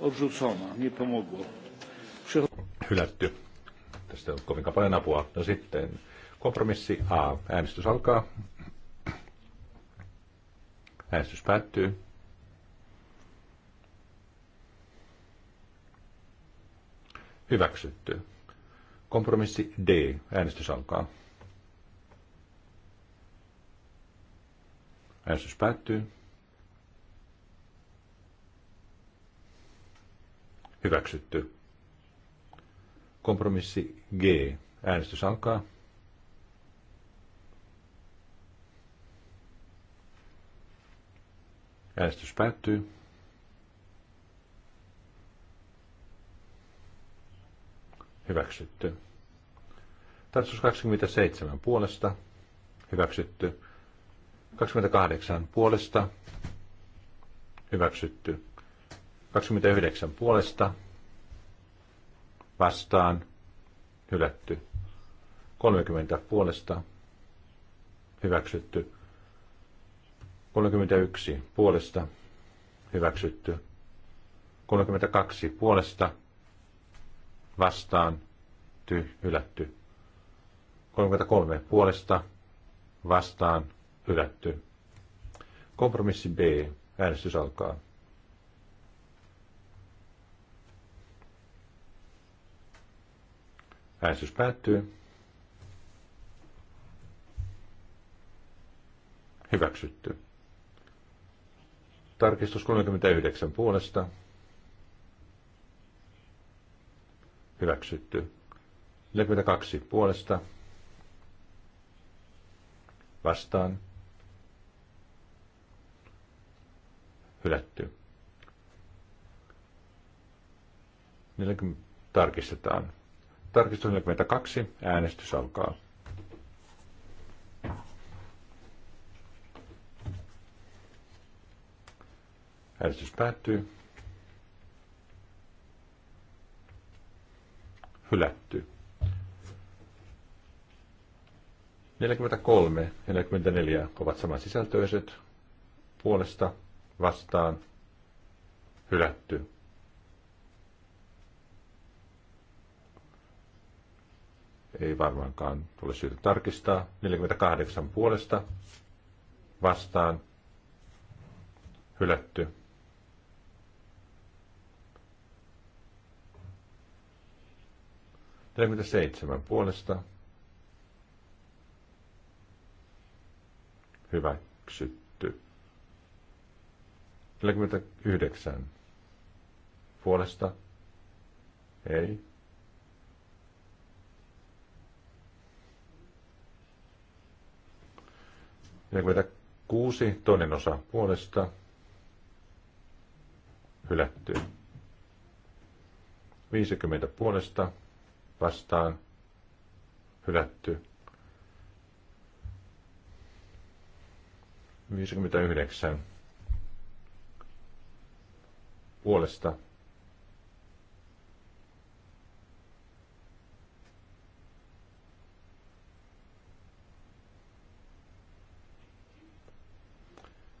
Odrzucona, nie pomogło hylätty. Tästä on kovin paljon apua. No sitten kompromissi A. Äänestys alkaa. Äänestys päättyy. Hyväksytty. Kompromissi D. Äänestys alkaa. Äänestys päättyy. Hyväksytty. Kompromissi G. Äänestys alkaa. Äänestys päättyy. Hyväksytty. Tarkistus 27 puolesta. Hyväksytty. 28 puolesta. Hyväksytty. 29 puolesta vastaan hylätty. 30 puolesta hyväksytty. 31 puolesta hyväksytty. 32 puolesta vastaan ty, hylätty. 33 puolesta vastaan hylätty. Kompromissi B. Äänestys alkaa. Äänestys päättyy. Hyväksytty. Tarkistus 39 puolesta. Hyväksytty. 42 puolesta. Vastaan. Hylätty. 40 tarkistetaan. Tarkistus 42. Äänestys alkaa. Äänestys päättyy. Hylätty. 43 ja 44 ovat samansisältöiset. Puolesta vastaan hylätty. ei varmaankaan tule syytä tarkistaa. 48 puolesta vastaan hylätty. seitsemän puolesta hyväksytty. 49 puolesta ei 46, toinen osa puolesta, hylätty. 50 puolesta, vastaan, hylätty. 59 puolesta,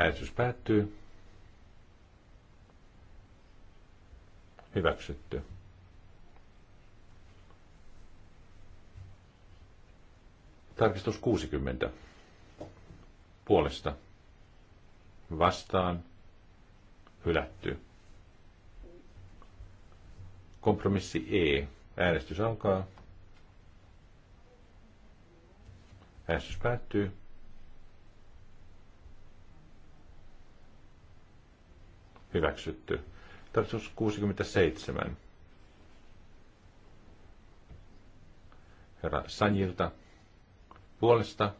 Äänestys päättyy. Hyväksytty. Tarkistus 60. Puolesta. Vastaan. Hylätty. Kompromissi E. Äänestys alkaa. Äänestys päättyy. hyväksytty. Tarkistus 67. Herra Sanjilta puolesta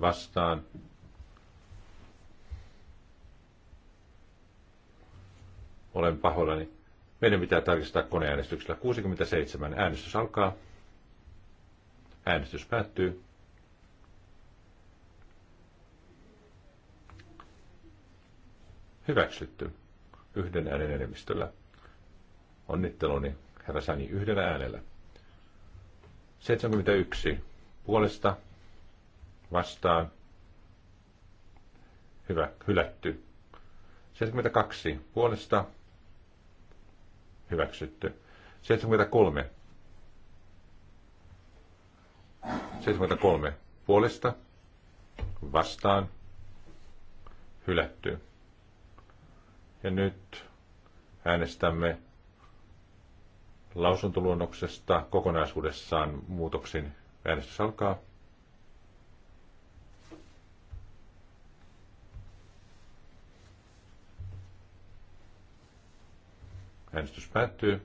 vastaan Olen pahoillani. Meidän pitää tarkistaa koneäänestyksellä. 67. Äänestys alkaa. Äänestys päättyy. Hyväksytty. Yhden äänen enemmistöllä. Onnitteluni, heräsäni yhdellä äänellä. 71. Puolesta vastaan. Hyvä, hylätty. 72. Puolesta hyväksytty. 73. 73. Puolesta vastaan hylätty. Ja nyt äänestämme lausuntoluonnoksesta kokonaisuudessaan muutoksin. Äänestys alkaa. Äänestys päättyy.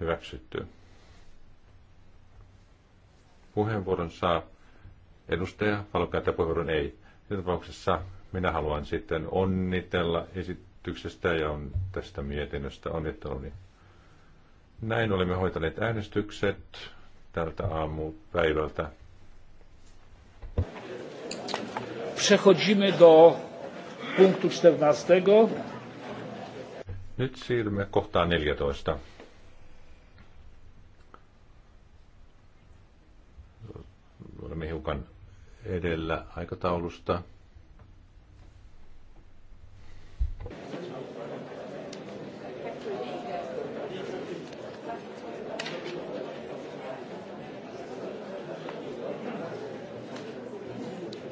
Hyväksytty. Puheenvuoron saa Edustaja, haluatko käyttää puheenvuoron? Ei. Siinä tapauksessa minä haluan sitten onnitella esityksestä ja on tästä mietinnöstä onnitteluni. Näin olemme hoitaneet äänestykset tältä aamupäivältä. Przechodzimy do punktu 14. Nyt siirrymme kohtaan 14. Olemme hiukan edellä aikataulusta.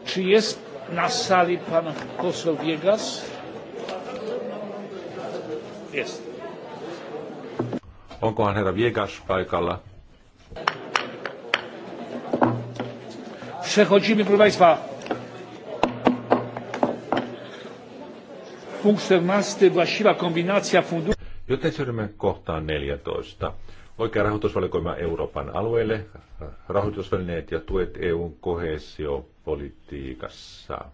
Czy jest na sali pan poseł Wiegas? Jest. Onkohan herra Viegas paikalla? Przechodzimy, proszę Państwa. Punkt 14. Właściwa kombinacja funduszy. Joten siirrymme kohtaan 14. Oikea rahoitusvalikoima Euroopan alueelle, rahoitusvälineet ja tuet EUn kohesiopolitiikassa.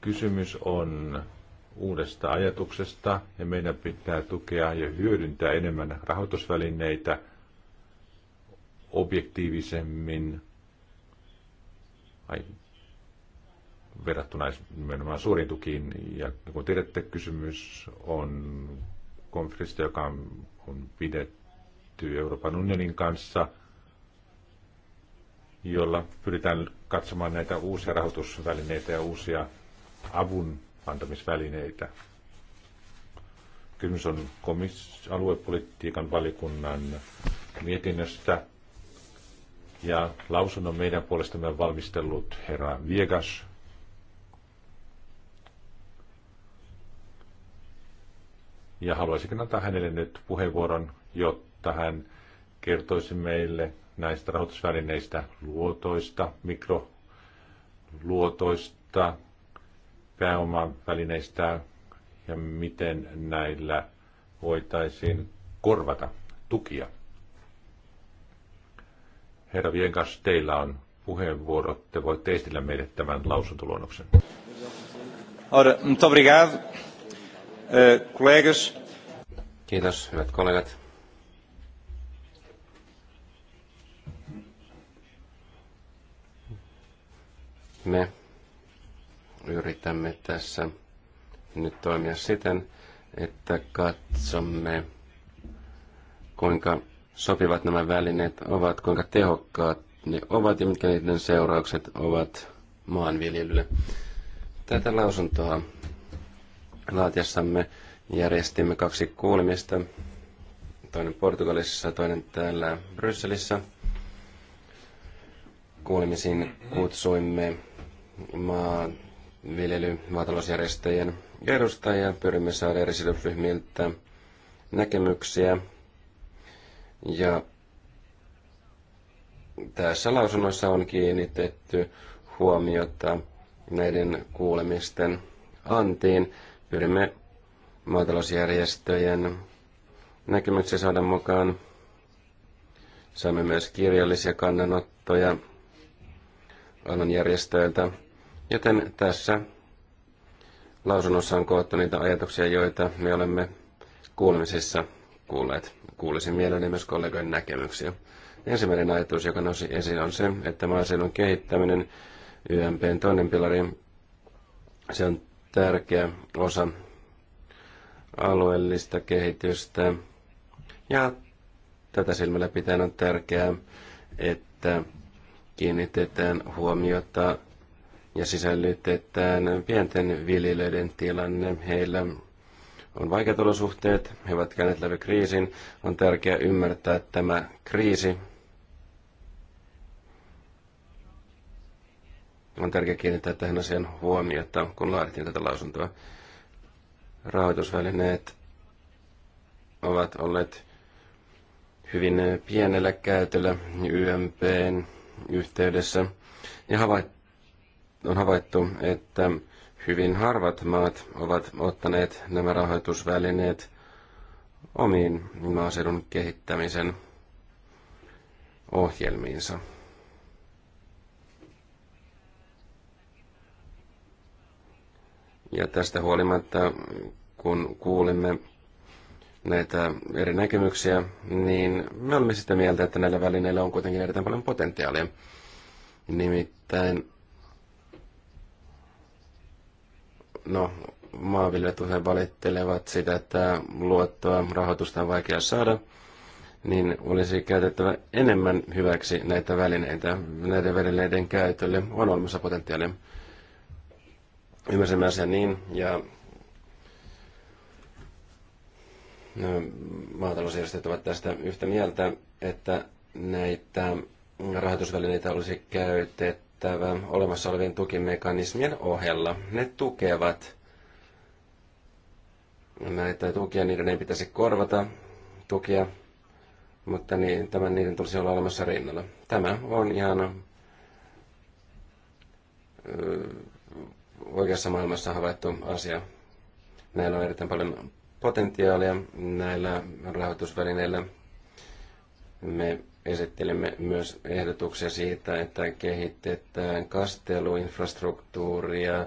Kysymys on uudesta ajatuksesta ja meidän pitää tukea ja hyödyntää enemmän rahoitusvälineitä – objektiivisemmin ai, verrattuna nimenomaan suuriin tukiin. Ja kun tiedätte, kysymys on konfliktista, joka on, on pidetty Euroopan unionin kanssa, jolla pyritään katsomaan näitä uusia rahoitusvälineitä ja uusia avun antamisvälineitä. Kysymys on komis- aluepolitiikan valikunnan mietinnöstä, ja lausunnon meidän puolestamme valmistellut herra Viegas. Ja haluaisinkin antaa hänelle nyt puheenvuoron, jotta hän kertoisi meille näistä rahoitusvälineistä, luotoista, mikroluotoista, pääomavälineistä ja miten näillä voitaisiin korvata tukia. Herra Vienkas, teillä on puheenvuoro. Te voitte esitellä meille tämän lausuntoluonnoksen. obrigado, kollegas. Eh, Kiitos, hyvät kollegat. Me yritämme tässä nyt toimia siten, että katsomme, kuinka sopivat nämä välineet ovat, kuinka tehokkaat ne ovat ja mitkä niiden seuraukset ovat maanviljelylle. Tätä lausuntoa laatiessamme järjestimme kaksi kuulemista, toinen Portugalissa, toinen täällä Brysselissä. Kuulemisiin kutsuimme maanviljely- maatalousjärjestöjen edustajia. Pyrimme saada eri sidosryhmiltä näkemyksiä ja tässä lausunnossa on kiinnitetty huomiota näiden kuulemisten antiin. Pyrimme maatalousjärjestöjen näkemyksiä saada mukaan. Saamme myös kirjallisia kannanottoja alan järjestöiltä, joten tässä lausunnossa on koottu niitä ajatuksia, joita me olemme kuulemisissa kuulleet. Kuulisin mielelläni myös kollegojen näkemyksiä. Ensimmäinen ajatus, joka nousi esiin, on se, että maaseudun kehittäminen YMPn toinen pilari, se on tärkeä osa alueellista kehitystä. Ja tätä silmällä pitäen on tärkeää, että kiinnitetään huomiota ja sisällytetään pienten viljelijöiden tilanne. Heillä on vaikeat olosuhteet, he ovat käyneet läpi kriisin. On tärkeää ymmärtää tämä kriisi. On tärkeää kiinnittää tähän asian huomiota, kun laadittiin tätä lausuntoa. Rahoitusvälineet ovat olleet hyvin pienellä käytöllä YMPn yhteydessä. Ja havaittu, on havaittu, että Hyvin harvat maat ovat ottaneet nämä rahoitusvälineet omiin maaseudun kehittämisen ohjelmiinsa. Ja tästä huolimatta, kun kuulimme näitä eri näkemyksiä, niin me olemme sitä mieltä, että näillä välineillä on kuitenkin erittäin paljon potentiaalia. Nimittäin No, maanviljelijät usein valittelevat sitä, että luottoa, rahoitusta on vaikea saada, niin olisi käytettävä enemmän hyväksi näitä välineitä. Näiden välineiden käytölle on olemassa potentiaalia. Ymmärsimme asian niin, ja no, maatalousjärjestöt ovat tästä yhtä mieltä, että näitä rahoitusvälineitä olisi käytetty käytettävä olemassa olevien tukimekanismien ohella. Ne tukevat näitä tukia, niiden ei pitäisi korvata tukia, mutta niin, tämän niiden tulisi olla olemassa rinnalla. Tämä on ihan oikeassa maailmassa havaittu asia. Näillä on erittäin paljon potentiaalia näillä rahoitusvälineillä. Me Esittelimme myös ehdotuksia siitä, että kehitetään kasteluinfrastruktuuria,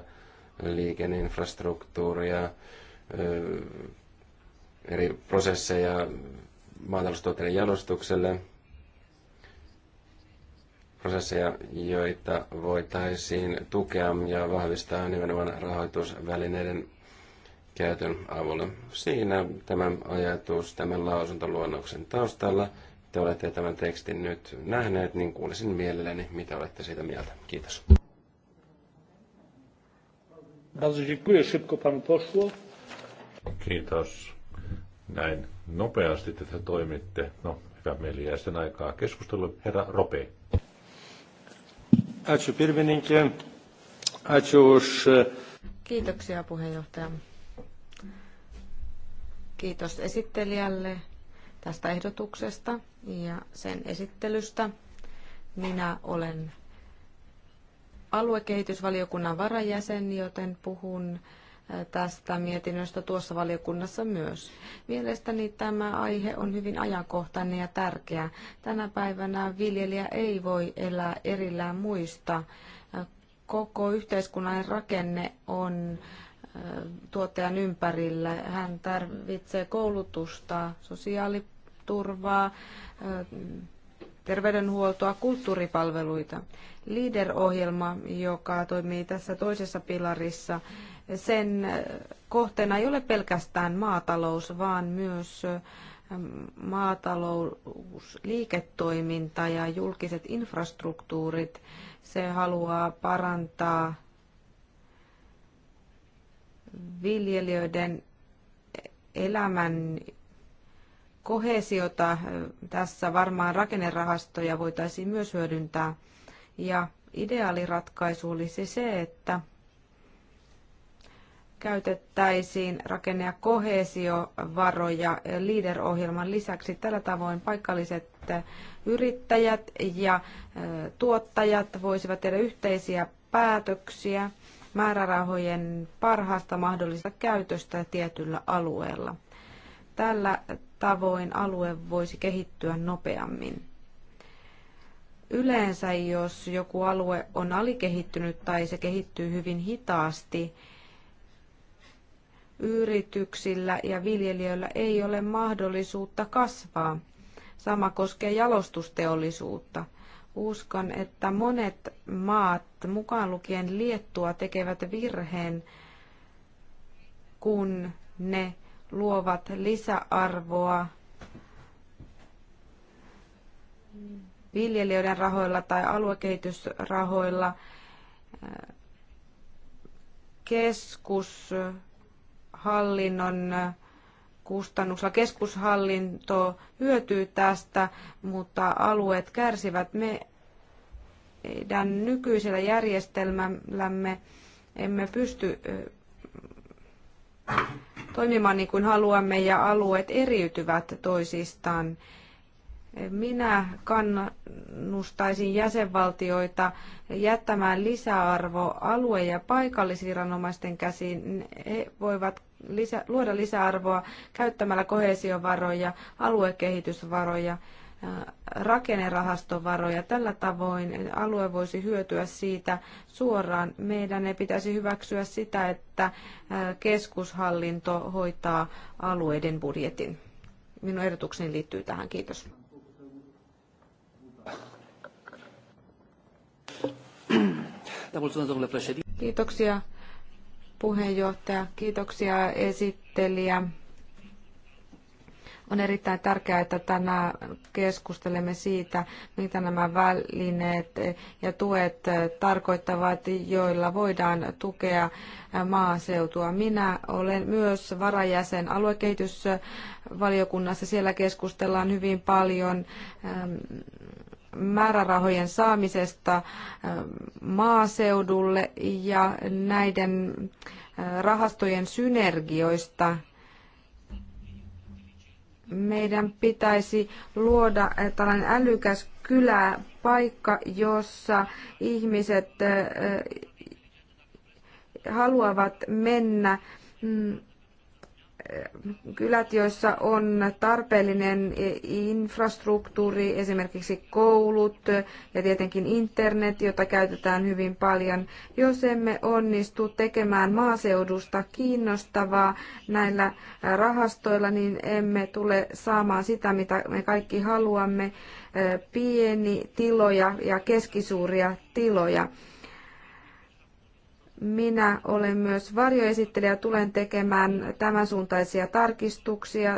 liikenneinfrastruktuuria, eri prosesseja maataloustuotteiden jalostukselle, prosesseja, joita voitaisiin tukea ja vahvistaa nimenomaan rahoitusvälineiden käytön avulla. Siinä tämä ajatus tämän lausuntoluonnoksen taustalla – te olette tämän tekstin nyt nähneet, niin kuulisin mielelläni, mitä olette siitä mieltä. Kiitos. panu Kiitos. Näin nopeasti te toimitte. No, hyvä mieli jää sen aikaa. Keskustelu herra Rope. E, Kiitoksia puheenjohtaja. Kiitos esittelijälle tästä ehdotuksesta ja sen esittelystä. Minä olen aluekehitysvaliokunnan varajäsen, joten puhun tästä mietinnöstä tuossa valiokunnassa myös. Mielestäni tämä aihe on hyvin ajankohtainen ja tärkeä. Tänä päivänä viljelijä ei voi elää erillään muista. Koko yhteiskunnan rakenne on tuottajan ympärillä. Hän tarvitsee koulutusta, sosiaali sosiaaliturvaa, terveydenhuoltoa, kulttuuripalveluita. LEADER-ohjelma, joka toimii tässä toisessa pilarissa, sen kohteena ei ole pelkästään maatalous, vaan myös maatalousliiketoiminta ja julkiset infrastruktuurit. Se haluaa parantaa viljelijöiden elämän kohesiota. Tässä varmaan rakennerahastoja voitaisiin myös hyödyntää. Ja ideaaliratkaisu olisi se, että käytettäisiin rakenne- ja kohesiovaroja LEADER-ohjelman lisäksi. Tällä tavoin paikalliset yrittäjät ja tuottajat voisivat tehdä yhteisiä päätöksiä määrärahojen parhaasta mahdollisesta käytöstä tietyllä alueella. Tällä tavoin alue voisi kehittyä nopeammin. Yleensä jos joku alue on alikehittynyt tai se kehittyy hyvin hitaasti, yrityksillä ja viljelijöillä ei ole mahdollisuutta kasvaa. Sama koskee jalostusteollisuutta. Uskon, että monet maat, mukaan lukien Liettua, tekevät virheen, kun ne luovat lisäarvoa viljelijöiden rahoilla tai aluekehitysrahoilla. Keskushallinnon kustannuksella. Keskushallinto hyötyy tästä, mutta alueet kärsivät. Meidän nykyisellä järjestelmällämme emme pysty toimimaan niin kuin haluamme ja alueet eriytyvät toisistaan. Minä kannustaisin jäsenvaltioita jättämään lisäarvo alue- ja paikallisviranomaisten käsiin. He voivat lisä, luoda lisäarvoa käyttämällä kohesiovaroja, aluekehitysvaroja rakennerahastovaroja. Tällä tavoin alue voisi hyötyä siitä suoraan. Meidän ei pitäisi hyväksyä sitä, että keskushallinto hoitaa alueiden budjetin. Minun ehdotukseni liittyy tähän. Kiitos. Kiitoksia puheenjohtaja. Kiitoksia esittelijä on erittäin tärkeää, että tänään keskustelemme siitä, mitä nämä välineet ja tuet tarkoittavat, joilla voidaan tukea maaseutua. Minä olen myös varajäsen aluekehitysvaliokunnassa. Siellä keskustellaan hyvin paljon ähm, määrärahojen saamisesta ähm, maaseudulle ja näiden äh, rahastojen synergioista meidän pitäisi luoda eh, tällainen älykäs kylä, paikka, jossa ihmiset eh, eh, haluavat mennä mm, kylät, joissa on tarpeellinen infrastruktuuri, esimerkiksi koulut ja tietenkin internet, jota käytetään hyvin paljon. Jos emme onnistu tekemään maaseudusta kiinnostavaa näillä rahastoilla, niin emme tule saamaan sitä, mitä me kaikki haluamme, pieni tiloja ja keskisuuria tiloja minä olen myös varjoesittelijä, tulen tekemään tämän suuntaisia tarkistuksia.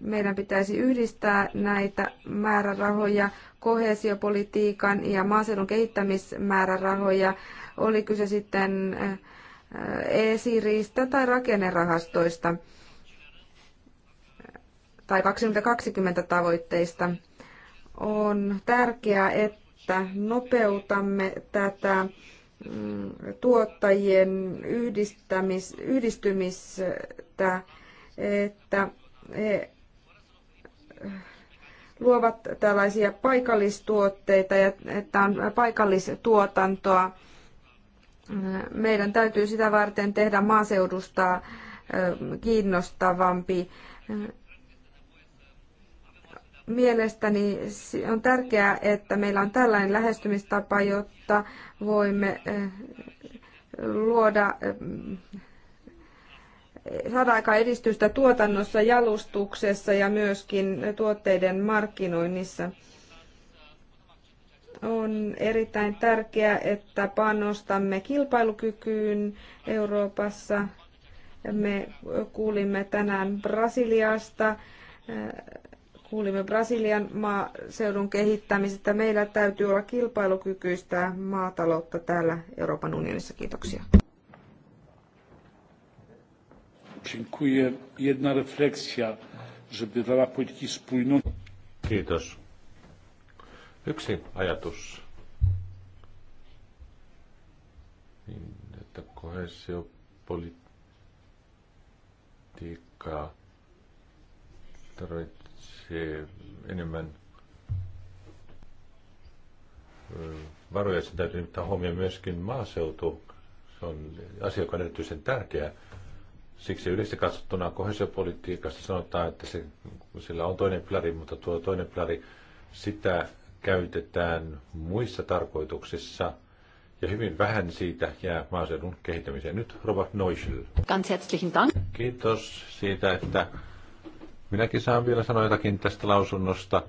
Meidän pitäisi yhdistää näitä määrärahoja, kohesiopolitiikan ja maaseudun kehittämismäärärahoja, oli kyse sitten esiriistä tai rakennerahastoista tai 2020 tavoitteista. On tärkeää, että nopeutamme tätä tuottajien yhdistämis, yhdistymistä, että he luovat tällaisia paikallistuotteita ja että on paikallistuotantoa. Meidän täytyy sitä varten tehdä maaseudusta kiinnostavampi. Mielestäni on tärkeää, että meillä on tällainen lähestymistapa, jotta voimme eh, luoda eh, saada aika edistystä tuotannossa, jalustuksessa ja myöskin tuotteiden markkinoinnissa. On erittäin tärkeää, että panostamme kilpailukykyyn Euroopassa. Me kuulimme tänään Brasiliasta eh, Kuulimme Brasilian maaseudun kehittämisestä. Meillä täytyy olla kilpailukykyistä maataloutta täällä Euroopan unionissa. Kiitoksia. Kiitos. Yksi ajatus. Niin, että kohesiopolitiikkaa tarvitsee tarvitsee enemmän varoja. Sen täytyy ottaa huomioon myöskin maaseutu. Se on asia, joka on erityisen tärkeä. Siksi yleisesti katsottuna kohesiopolitiikasta sanotaan, että se, sillä on toinen pilari, mutta tuo toinen pilari, sitä käytetään muissa tarkoituksissa ja hyvin vähän siitä jää maaseudun kehittämiseen. Nyt Robert Neuschel. Ganz herzlichen Dank. Kiitos siitä, että Minäkin saan vielä sanoa jotakin tästä lausunnosta.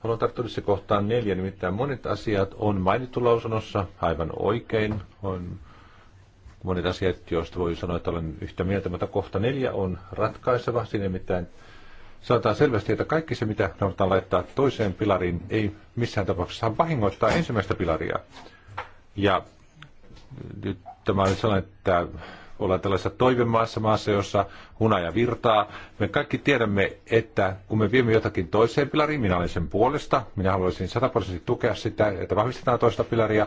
Haluan tarttua se kohtaan neljä, nimittäin monet asiat on mainittu lausunnossa aivan oikein. On monet asiat, joista voi sanoa, että olen yhtä mieltä, mutta kohta neljä on ratkaiseva. Siinä nimittäin sanotaan selvästi, että kaikki se, mitä halutaan laittaa toiseen pilariin, ei missään tapauksessa saa vahingoittaa ensimmäistä pilaria. Ja nyt tämä on sellainen, että ollaan tällaisessa toivemaassa, maassa, jossa hunaja virtaa. Me kaikki tiedämme, että kun me viemme jotakin toiseen pilariin, minä olen sen puolesta, minä haluaisin sataprosenttisesti tukea sitä, että vahvistetaan toista pilaria,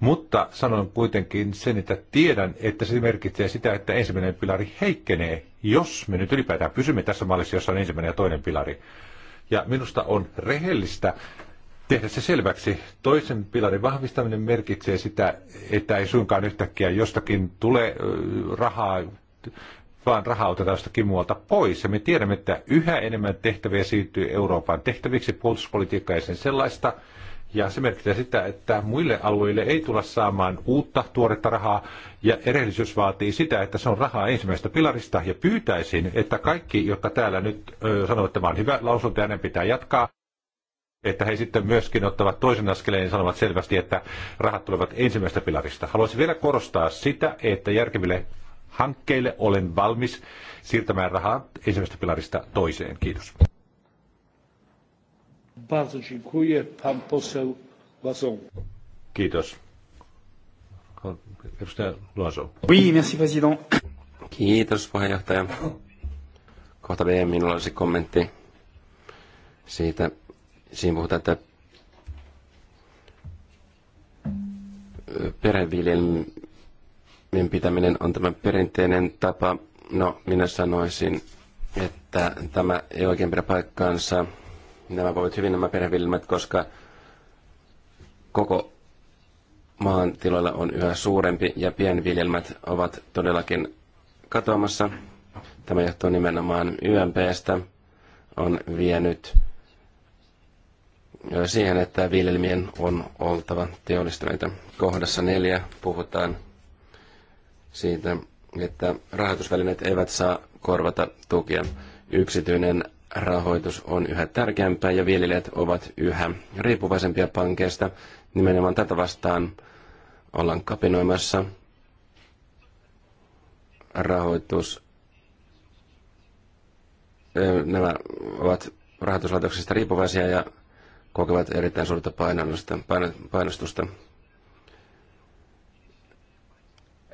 mutta sanon kuitenkin sen, että tiedän, että se merkitsee sitä, että ensimmäinen pilari heikkenee, jos me nyt ylipäätään pysymme tässä mallissa, jossa on ensimmäinen ja toinen pilari. Ja minusta on rehellistä tehdä se selväksi. Toisen pilarin vahvistaminen merkitsee sitä, että ei suinkaan yhtäkkiä jostakin tule rahaa, vaan rahaa otetaan jostakin muualta pois. Ja me tiedämme, että yhä enemmän tehtäviä siirtyy Euroopan tehtäviksi, puolustuspolitiikka ja sen sellaista. Ja se merkitsee sitä, että muille alueille ei tulla saamaan uutta tuoretta rahaa, ja erehdys vaatii sitä, että se on rahaa ensimmäisestä pilarista, ja pyytäisin, että kaikki, jotka täällä nyt ö, sanoo, että tämä on hyvä lausunto, ja pitää jatkaa, että he sitten myöskin ottavat toisen askeleen ja sanovat selvästi, että rahat tulevat ensimmäisestä pilarista. Haluaisin vielä korostaa sitä, että järkeville hankkeille olen valmis siirtämään rahaa ensimmäisestä pilarista toiseen. Kiitos. Kiitos. Edustaja Kiitos puheenjohtaja. Kohta vielä minulla olisi kommentti siitä, siinä puhutaan, että perheviljelmien pitäminen on tämä perinteinen tapa. No, minä sanoisin, että tämä ei oikein pidä paikkaansa. Nämä voivat hyvin nämä perheviljelmät, koska koko maan tiloilla on yhä suurempi ja pienviljelmät ovat todellakin katoamassa. Tämä johtuu nimenomaan YMPstä, on vienyt siihen, että viljelmien on oltava teollistuneita. Kohdassa neljä puhutaan siitä, että rahoitusvälineet eivät saa korvata tukia. Yksityinen rahoitus on yhä tärkeämpää ja viljelijät ovat yhä riippuvaisempia pankeista. Nimenomaan tätä vastaan ollaan kapinoimassa rahoitus. Nämä ovat rahoituslaitoksista riippuvaisia ja kokevat erittäin suurta painostusta. painostusta.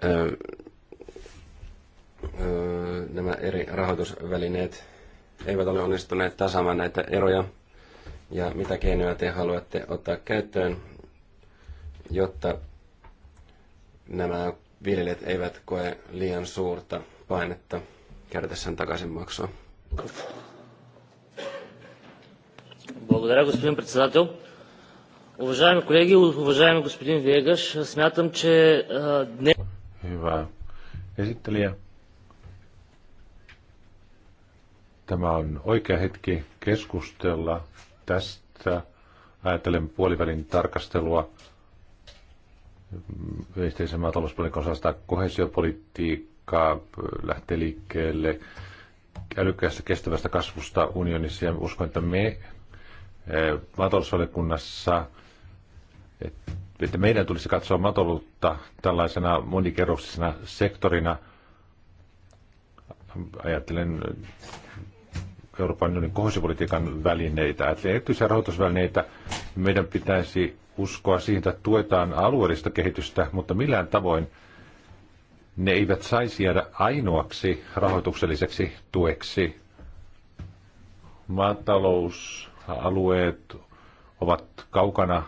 Öö, öö, nämä eri rahoitusvälineet eivät ole onnistuneet tasaamaan näitä eroja ja mitä keinoja te haluatte ottaa käyttöön, jotta nämä viljelijät eivät koe liian suurta painetta kerätessään takaisin maksua. Благодаря, господин председател. Уважаеми колеги, уважаеми господин Вегаш, смятам, че днес... Ива, ли я? Tämä on oikea hetki keskustella tästä. Ajattelen puolivälin tarkastelua yhteisen maatalouspolitiikan osasta kohesiopolitiikkaa lähtee liikkeelle älykkäästä kestävästä kasvusta unionissa ja uskon, että me Eh, maatalousvaliokunnassa, että meidän tulisi katsoa matoluutta tällaisena monikerroksisena sektorina. Ajattelen Euroopan unionin kohesipolitiikan välineitä, erityisiä rahoitusvälineitä. Meidän pitäisi uskoa siihen, että tuetaan alueellista kehitystä, mutta millään tavoin ne eivät saisi jäädä ainoaksi rahoitukselliseksi tueksi. Maatalous alueet ovat kaukana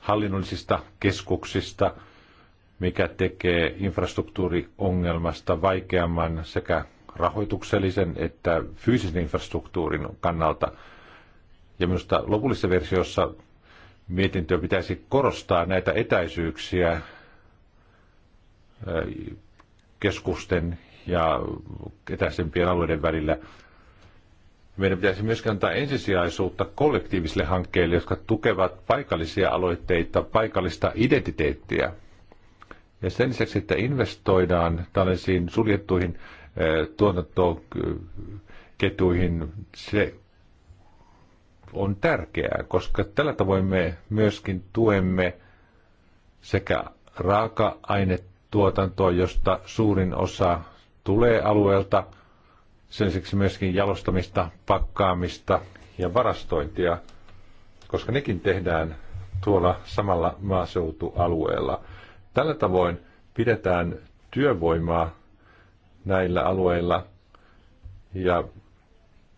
hallinnollisista keskuksista, mikä tekee infrastruktuuriongelmasta vaikeamman sekä rahoituksellisen että fyysisen infrastruktuurin kannalta. Ja minusta lopullisessa versiossa mietintöä pitäisi korostaa näitä etäisyyksiä keskusten ja etäisempien alueiden välillä meidän pitäisi myös antaa ensisijaisuutta kollektiivisille hankkeille, jotka tukevat paikallisia aloitteita, paikallista identiteettiä. Ja sen lisäksi, että investoidaan tällaisiin suljettuihin eh, tuotantoketuihin, se on tärkeää, koska tällä tavoin me myöskin tuemme sekä raaka-ainetuotantoa, josta suurin osa tulee alueelta, sen siksi myöskin jalostamista, pakkaamista ja varastointia, koska nekin tehdään tuolla samalla maaseutualueella. Tällä tavoin pidetään työvoimaa näillä alueilla ja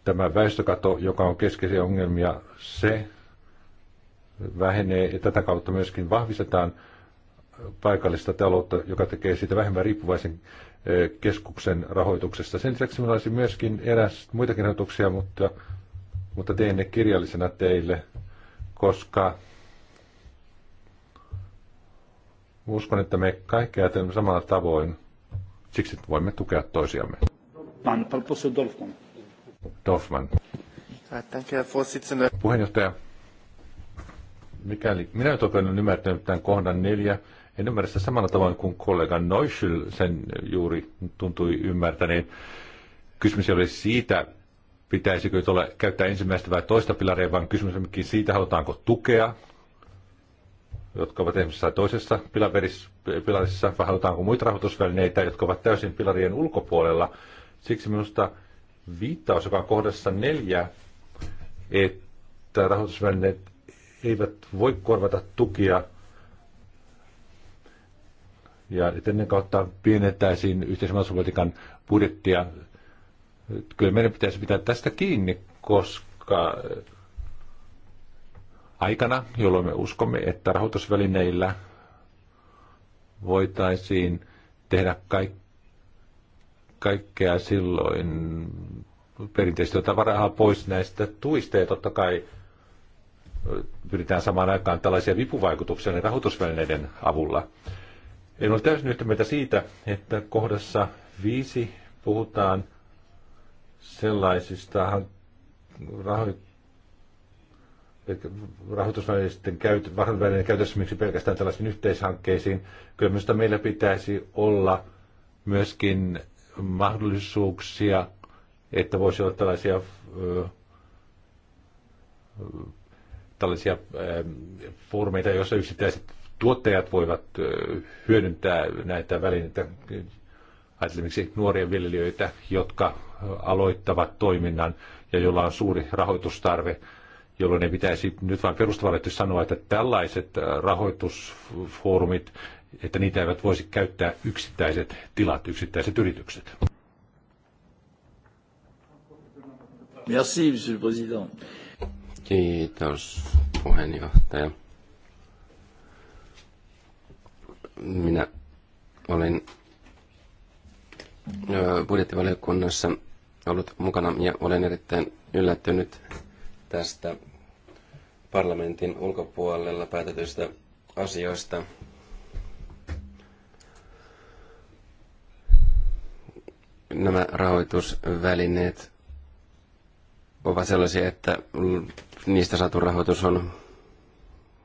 tämä väestökato, joka on keskeisiä ongelmia, se vähenee ja tätä kautta myöskin vahvistetaan paikallista taloutta, joka tekee siitä vähemmän riippuvaisen keskuksen rahoituksesta. Sen lisäksi minulla olisi myöskin eräs muitakin rahoituksia, mutta, mutta teen ne kirjallisena teille, koska uskon, että me kaikki ajatellaan samalla tavoin. Siksi voimme tukea toisiamme. Dorfman. Puheenjohtaja, mikäli minä olen ymmärtänyt tämän kohdan neljä, en ymmärrä sitä samalla tavoin kuin kollega Neuschel sen juuri tuntui ymmärtäneen. Kysymys oli siitä, pitäisikö tuolla käyttää ensimmäistä vai toista pilaria, vaan kysymys onkin siitä, halutaanko tukea, jotka ovat esimerkiksi toisessa pilarissa, vai halutaanko muita rahoitusvälineitä, jotka ovat täysin pilarien ulkopuolella. Siksi minusta viittaus, joka on kohdassa neljä, että rahoitusvälineet eivät voi korvata tukia ja että ennen kautta pienentäisiin yhteisen budjettia. Kyllä meidän pitäisi pitää tästä kiinni, koska eh, aikana, jolloin me uskomme, että rahoitusvälineillä voitaisiin tehdä kaik- kaikkea silloin perinteisesti ottaa rahaa pois näistä tuista ja totta kai eh, pyritään samaan aikaan tällaisia vipuvaikutuksia rahoitusvälineiden avulla. En ole täysin yhtä mieltä siitä, että kohdassa viisi puhutaan sellaisista rahoitusvälineiden käytössä, käytössä miksi pelkästään tällaisiin yhteishankkeisiin. Kyllä minusta meillä pitäisi olla myöskin mahdollisuuksia, että voisi olla tällaisia tällaisia foorumeita, joissa yksittäiset tuottajat voivat hyödyntää näitä välineitä. esimerkiksi nuoria viljelijöitä, jotka aloittavat toiminnan ja joilla on suuri rahoitustarve, jolloin ei pitäisi nyt vain perustavallisesti sanoa, että tällaiset rahoitusfoorumit, että niitä eivät voisi käyttää yksittäiset tilat, yksittäiset yritykset. Merci, monsieur le président. Kiitos, puheenjohtaja. Minä olin budjettivaliokunnassa ollut mukana ja olen erittäin yllättynyt tästä parlamentin ulkopuolella päätetyistä asioista. Nämä rahoitusvälineet ovat sellaisia, että niistä saatu rahoitus on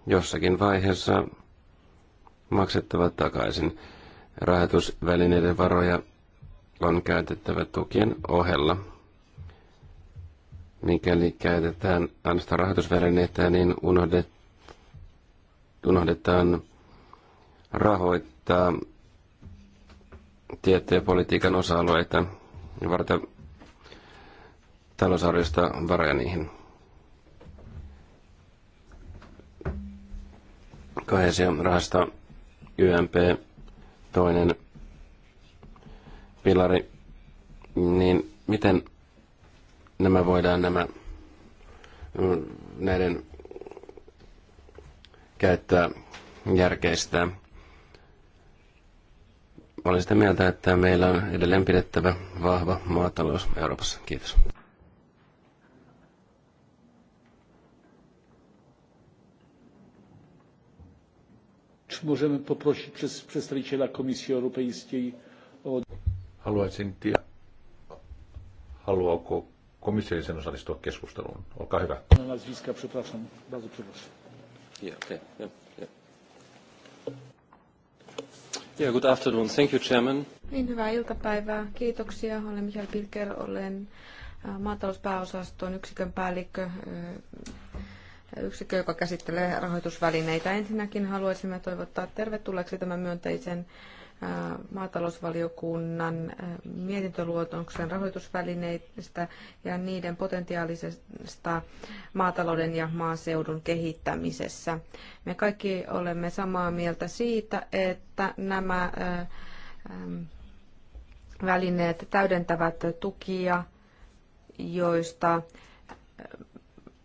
jossakin vaiheessa maksettava takaisin. Rahoitusvälineiden varoja on käytettävä tukien ohella. Mikäli käytetään ainoastaan rahoitusvälineitä, niin unohdet, unohdetaan rahoittaa tiettyjä politiikan osa-alueita ja varata talousarviosta varoja niihin. Kohesio rahasto YMP toinen pilari, niin miten nämä voidaan nämä näiden käyttää järkeistä. Olen sitä mieltä, että meillä on edelleen pidettävä vahva maatalous Euroopassa. Kiitos. Czy możemy poprosić przez przedstawiciela Komisji Europejskiej o... Haluaisin tietää, haluaako komission sen osallistua keskusteluun. Olkaa hyvä. Nazwiska, przepraszam, bardzo przepraszam. Yeah, good afternoon. Thank you, Chairman. Niin, hyvää iltapäivää. Kiitoksia. Olen Michael Pilker, olen maatalouspääosaston yksikön päällikkö yksikkö, joka käsittelee rahoitusvälineitä. Ensinnäkin haluaisimme toivottaa tervetulleeksi tämän myönteisen maatalousvaliokunnan mietintöluotoksen rahoitusvälineistä ja niiden potentiaalisesta maatalouden ja maaseudun kehittämisessä. Me kaikki olemme samaa mieltä siitä, että nämä välineet täydentävät tukia, joista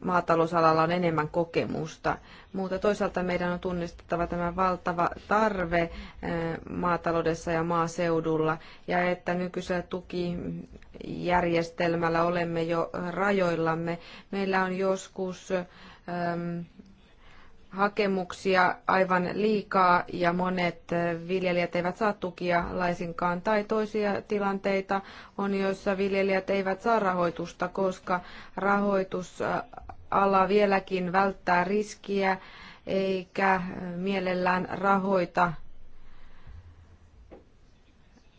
maatalousalalla on enemmän kokemusta, mutta toisaalta meidän on tunnistettava tämä valtava tarve eh, maataloudessa ja maaseudulla ja että nykyisellä tukijärjestelmällä olemme jo rajoillamme. Meillä on joskus ehm, hakemuksia aivan liikaa ja monet eh, viljelijät eivät saa tukia laisinkaan tai toisia tilanteita on, joissa viljelijät eivät saa rahoitusta, koska rahoitus eh, ala vieläkin välttää riskiä eikä mielellään rahoita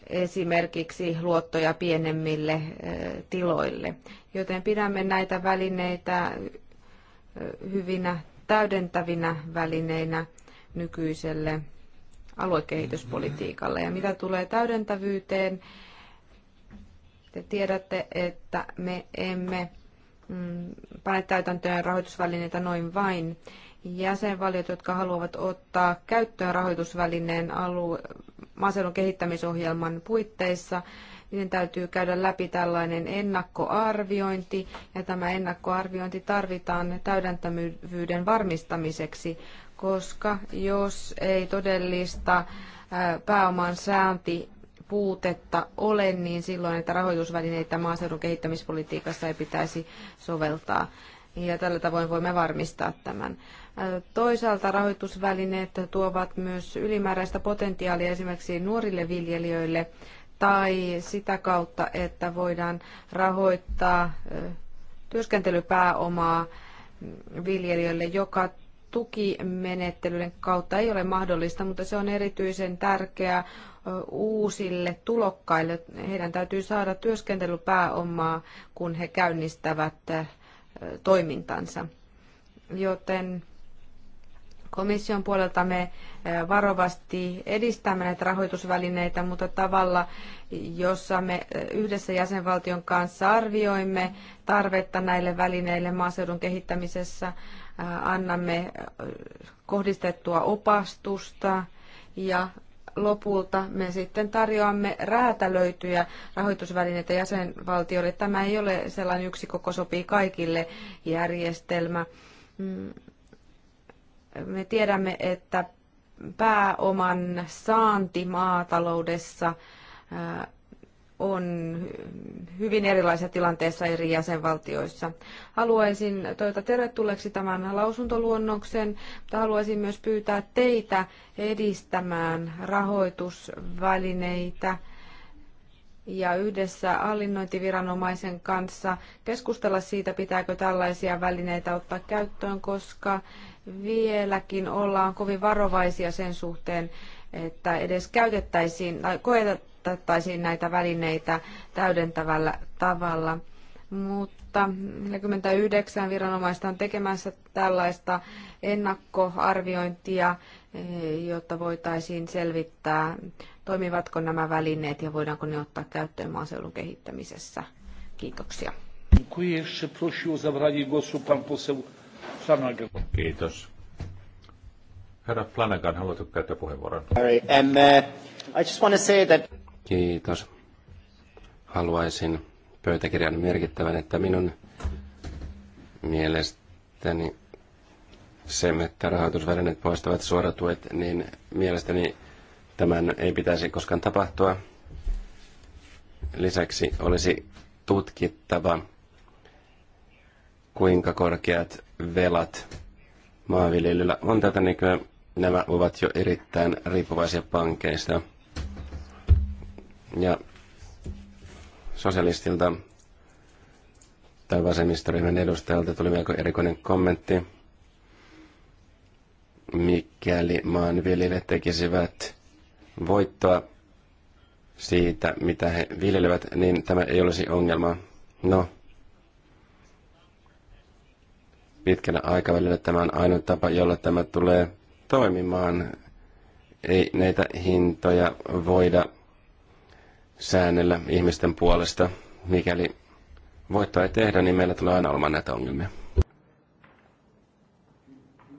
esimerkiksi luottoja pienemmille tiloille. Joten pidämme näitä välineitä hyvinä täydentävinä välineinä nykyiselle aluekehityspolitiikalle. Ja mitä tulee täydentävyyteen, te tiedätte, että me emme Mm, pane täytäntöön rahoitusvälineitä noin vain. Jäsenvaliot, jotka haluavat ottaa käyttöön rahoitusvälineen alue, maaseudun kehittämisohjelman puitteissa, niiden täytyy käydä läpi tällainen ennakkoarviointi, ja tämä ennakkoarviointi tarvitaan täydentävyyden varmistamiseksi, koska jos ei todellista pääoman säänti puutetta ole, niin silloin että rahoitusvälineitä maaseudun kehittämispolitiikassa ei pitäisi soveltaa. Ja tällä tavoin voimme varmistaa tämän. Toisaalta rahoitusvälineet tuovat myös ylimääräistä potentiaalia esimerkiksi nuorille viljelijöille tai sitä kautta, että voidaan rahoittaa työskentelypääomaa viljelijöille, joka tukimenettelyiden kautta ei ole mahdollista, mutta se on erityisen tärkeää uusille tulokkaille. Heidän täytyy saada työskentelypääomaa, kun he käynnistävät toimintansa. Joten komission puolelta me varovasti edistämme näitä rahoitusvälineitä, mutta tavalla, jossa me yhdessä jäsenvaltion kanssa arvioimme tarvetta näille välineille maaseudun kehittämisessä, annamme kohdistettua opastusta ja lopulta me sitten tarjoamme räätälöityjä rahoitusvälineitä jäsenvaltioille. Tämä ei ole sellainen yksi koko sopii kaikille järjestelmä. Mm, me tiedämme, että pääoman saanti maataloudessa on hyvin erilaisia tilanteessa eri jäsenvaltioissa. Haluaisin toivota tervetulleeksi tämän lausuntoluonnoksen, mutta haluaisin myös pyytää teitä edistämään rahoitusvälineitä ja yhdessä hallinnointiviranomaisen kanssa keskustella siitä, pitääkö tällaisia välineitä ottaa käyttöön, koska vieläkin ollaan kovin varovaisia sen suhteen, että edes käytettäisiin tai tarkoitettaisiin näitä välineitä täydentävällä tavalla. Mutta 49 viranomaista on tekemässä tällaista ennakkoarviointia, eh, jotta voitaisiin selvittää, toimivatko nämä välineet ja voidaanko ne ottaa käyttöön maaseudun kehittämisessä. Kiitoksia. Kiitos. Herra Flanagan, haluatko käyttää puheenvuoron? Um, uh, I just want to say that... Kiitos. Haluaisin pöytäkirjan merkittävän, että minun mielestäni se, että rahoitusvälineet poistavat suoratuet, niin mielestäni tämän ei pitäisi koskaan tapahtua. Lisäksi olisi tutkittava, kuinka korkeat velat maanviljelyllä on tätä nykyään. Nämä ovat jo erittäin riippuvaisia pankeista ja sosialistilta tai vasemmistoryhmän edustajalta tuli melko erikoinen kommentti. Mikäli maanviljelijät tekisivät voittoa siitä, mitä he viljelevät, niin tämä ei olisi ongelma. No, pitkällä aikavälillä tämä on ainoa tapa, jolla tämä tulee toimimaan. Ei näitä hintoja voida säännellä ihmisten puolesta. Mikäli voittoa ei tehdä, niin meillä tulee aina olemaan näitä ongelmia.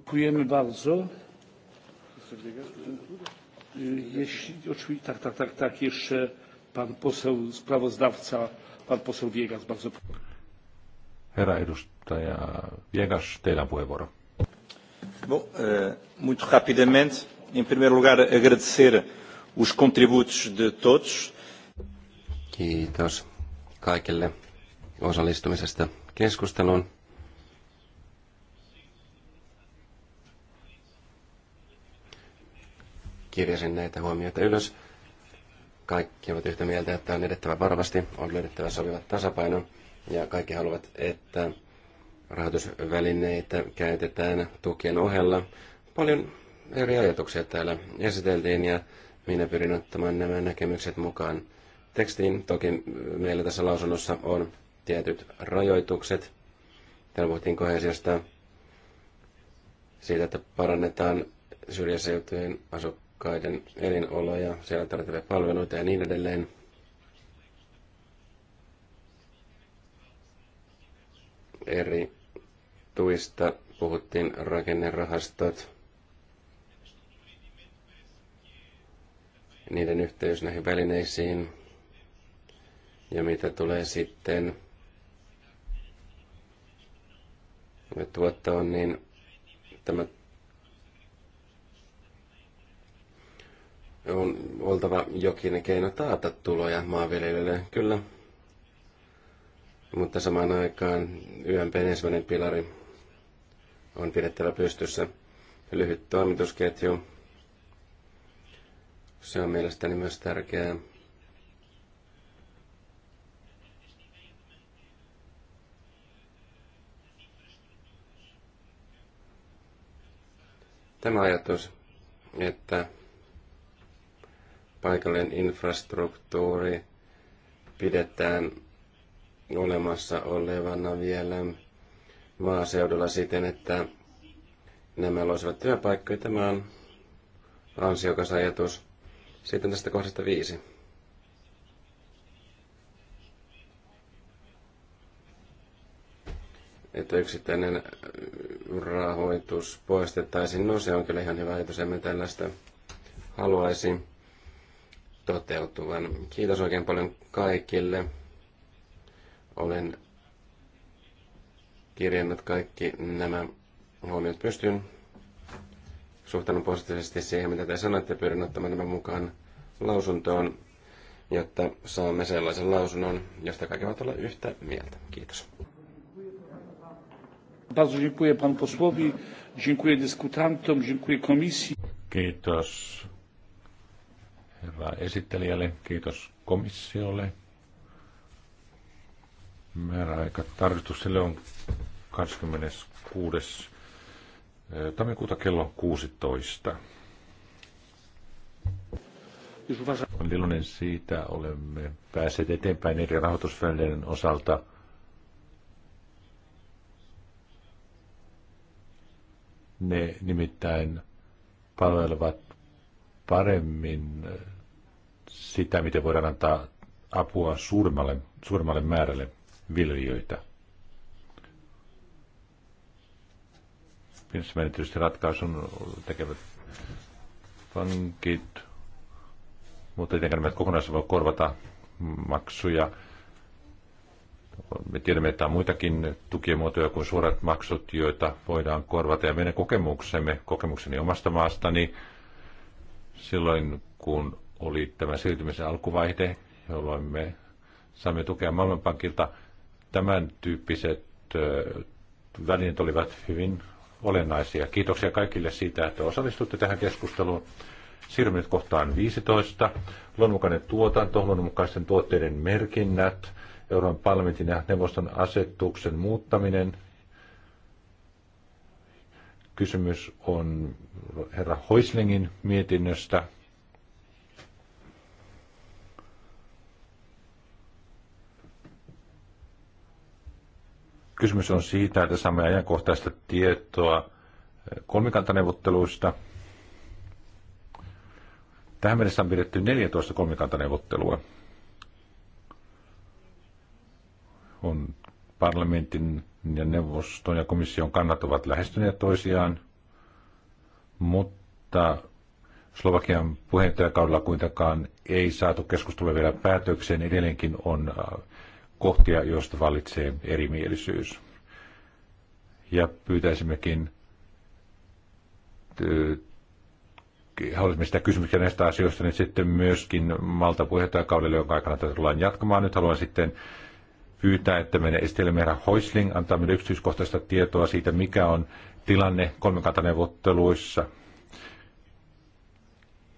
Dziękujemy bardzo. Jeśli, oczywiście, tak, tak, tak, tak, jeszcze pan poseł sprawozdawca, pan poseł Wiegas, bardzo Herra edustaja Viegas, teidän on puheenvuoro. Bom, eh, muito rapidamente, em primeiro lugar, agradecer os contributos de todos. Kiitos kaikille osallistumisesta keskusteluun. Kirjasin näitä huomioita ylös. Kaikki ovat yhtä mieltä, että on edettävä varovasti, on löydettävä sopiva tasapaino ja kaikki haluavat, että rahoitusvälineitä käytetään tukien ohella. Paljon eri ajatuksia täällä esiteltiin ja minä pyrin ottamaan nämä näkemykset mukaan tekstiin. Toki meillä tässä lausunnossa on tietyt rajoitukset. Täällä puhuttiin kohesiosta siitä, että parannetaan syrjäseutujen asukkaiden elinoloja, siellä tarvittavia palveluita ja niin edelleen. Eri tuista puhuttiin rakennerahastot, niiden yhteys näihin välineisiin, ja mitä tulee sitten tuottoon, niin tämä on oltava jokin keino taata tuloja maanviljelijöille, kyllä. Mutta samaan aikaan YMP ensimmäinen pilari on pidettävä pystyssä. Lyhyt toimitusketju, se on mielestäni myös tärkeää. Tämä ajatus, että paikallinen infrastruktuuri pidetään olemassa olevana vielä maaseudulla siten, että nämä loisivat työpaikkoja. Tämä on ansiokas ajatus. Sitten tästä kohdasta viisi. että yksittäinen rahoitus poistettaisiin. No se on kyllä ihan hyvä ajatus, emme tällaista haluaisi toteutuvan. Kiitos oikein paljon kaikille. Olen kirjannut kaikki nämä huomiot pystyyn. Suhtaudun positiivisesti siihen, mitä te sanoitte. Pyydän ottamaan nämä mukaan lausuntoon, jotta saamme sellaisen lausunnon, josta kaikki ovat olla yhtä mieltä. Kiitos. Bardzo dziękuję panu posłowi, dziękuję dyskutantom, dziękuję komisji. Kiitos herra esittelijälle, kiitos komissiolle. Määräaika tarkistukselle on 26. tammikuuta kello 16. On iloinen siitä, olemme päässeet eteenpäin eri rahoitusvälineiden osalta – Ne nimittäin palvelevat paremmin äh, sitä, miten voidaan antaa apua suurimmalle, suurimmalle määrälle viljelijöitä. Pienessä tietysti ratkaisun tekevät pankit, mutta tietenkään nämä kokonaisuudessaan voi korvata maksuja me tiedämme, että on muitakin tukimuotoja kuin suorat maksut, joita voidaan korvata. Ja meidän kokemuksemme, kokemukseni omasta maastani, silloin kun oli tämä siirtymisen alkuvaihe, jolloin me saimme tukea Maailmanpankilta, tämän tyyppiset välineet olivat hyvin olennaisia. Kiitoksia kaikille siitä, että osallistutte tähän keskusteluun. Siirrymme nyt kohtaan 15. Luonnonmukainen tuotanto, luonnonmukaisten tuotteiden merkinnät. Euroopan parlamentin ja neuvoston asetuksen muuttaminen. Kysymys on herra Hoislingin mietinnöstä. Kysymys on siitä, että saamme ajankohtaista tietoa kolmikantaneuvotteluista. Tähän mennessä on pidetty 14 kolmikantaneuvottelua. on parlamentin ja neuvoston ja komission kannat ovat lähestyneet toisiaan, mutta Slovakian puheenjohtajakaudella kuitenkaan ei saatu keskustelua vielä päätökseen. Edelleenkin on äh, kohtia, joista vallitsee erimielisyys. Ja pyytäisimmekin, äh, haluaisimme sitä kysymyksiä näistä asioista, niin sitten myöskin Malta puheenjohtajakaudelle, jonka aikana tätä tullaan jatkamaan. Nyt haluan sitten pyytää, että meidän esitelmä Hoisling antaa meille yksityiskohtaista tietoa siitä, mikä on tilanne kolmikantaneuvotteluissa –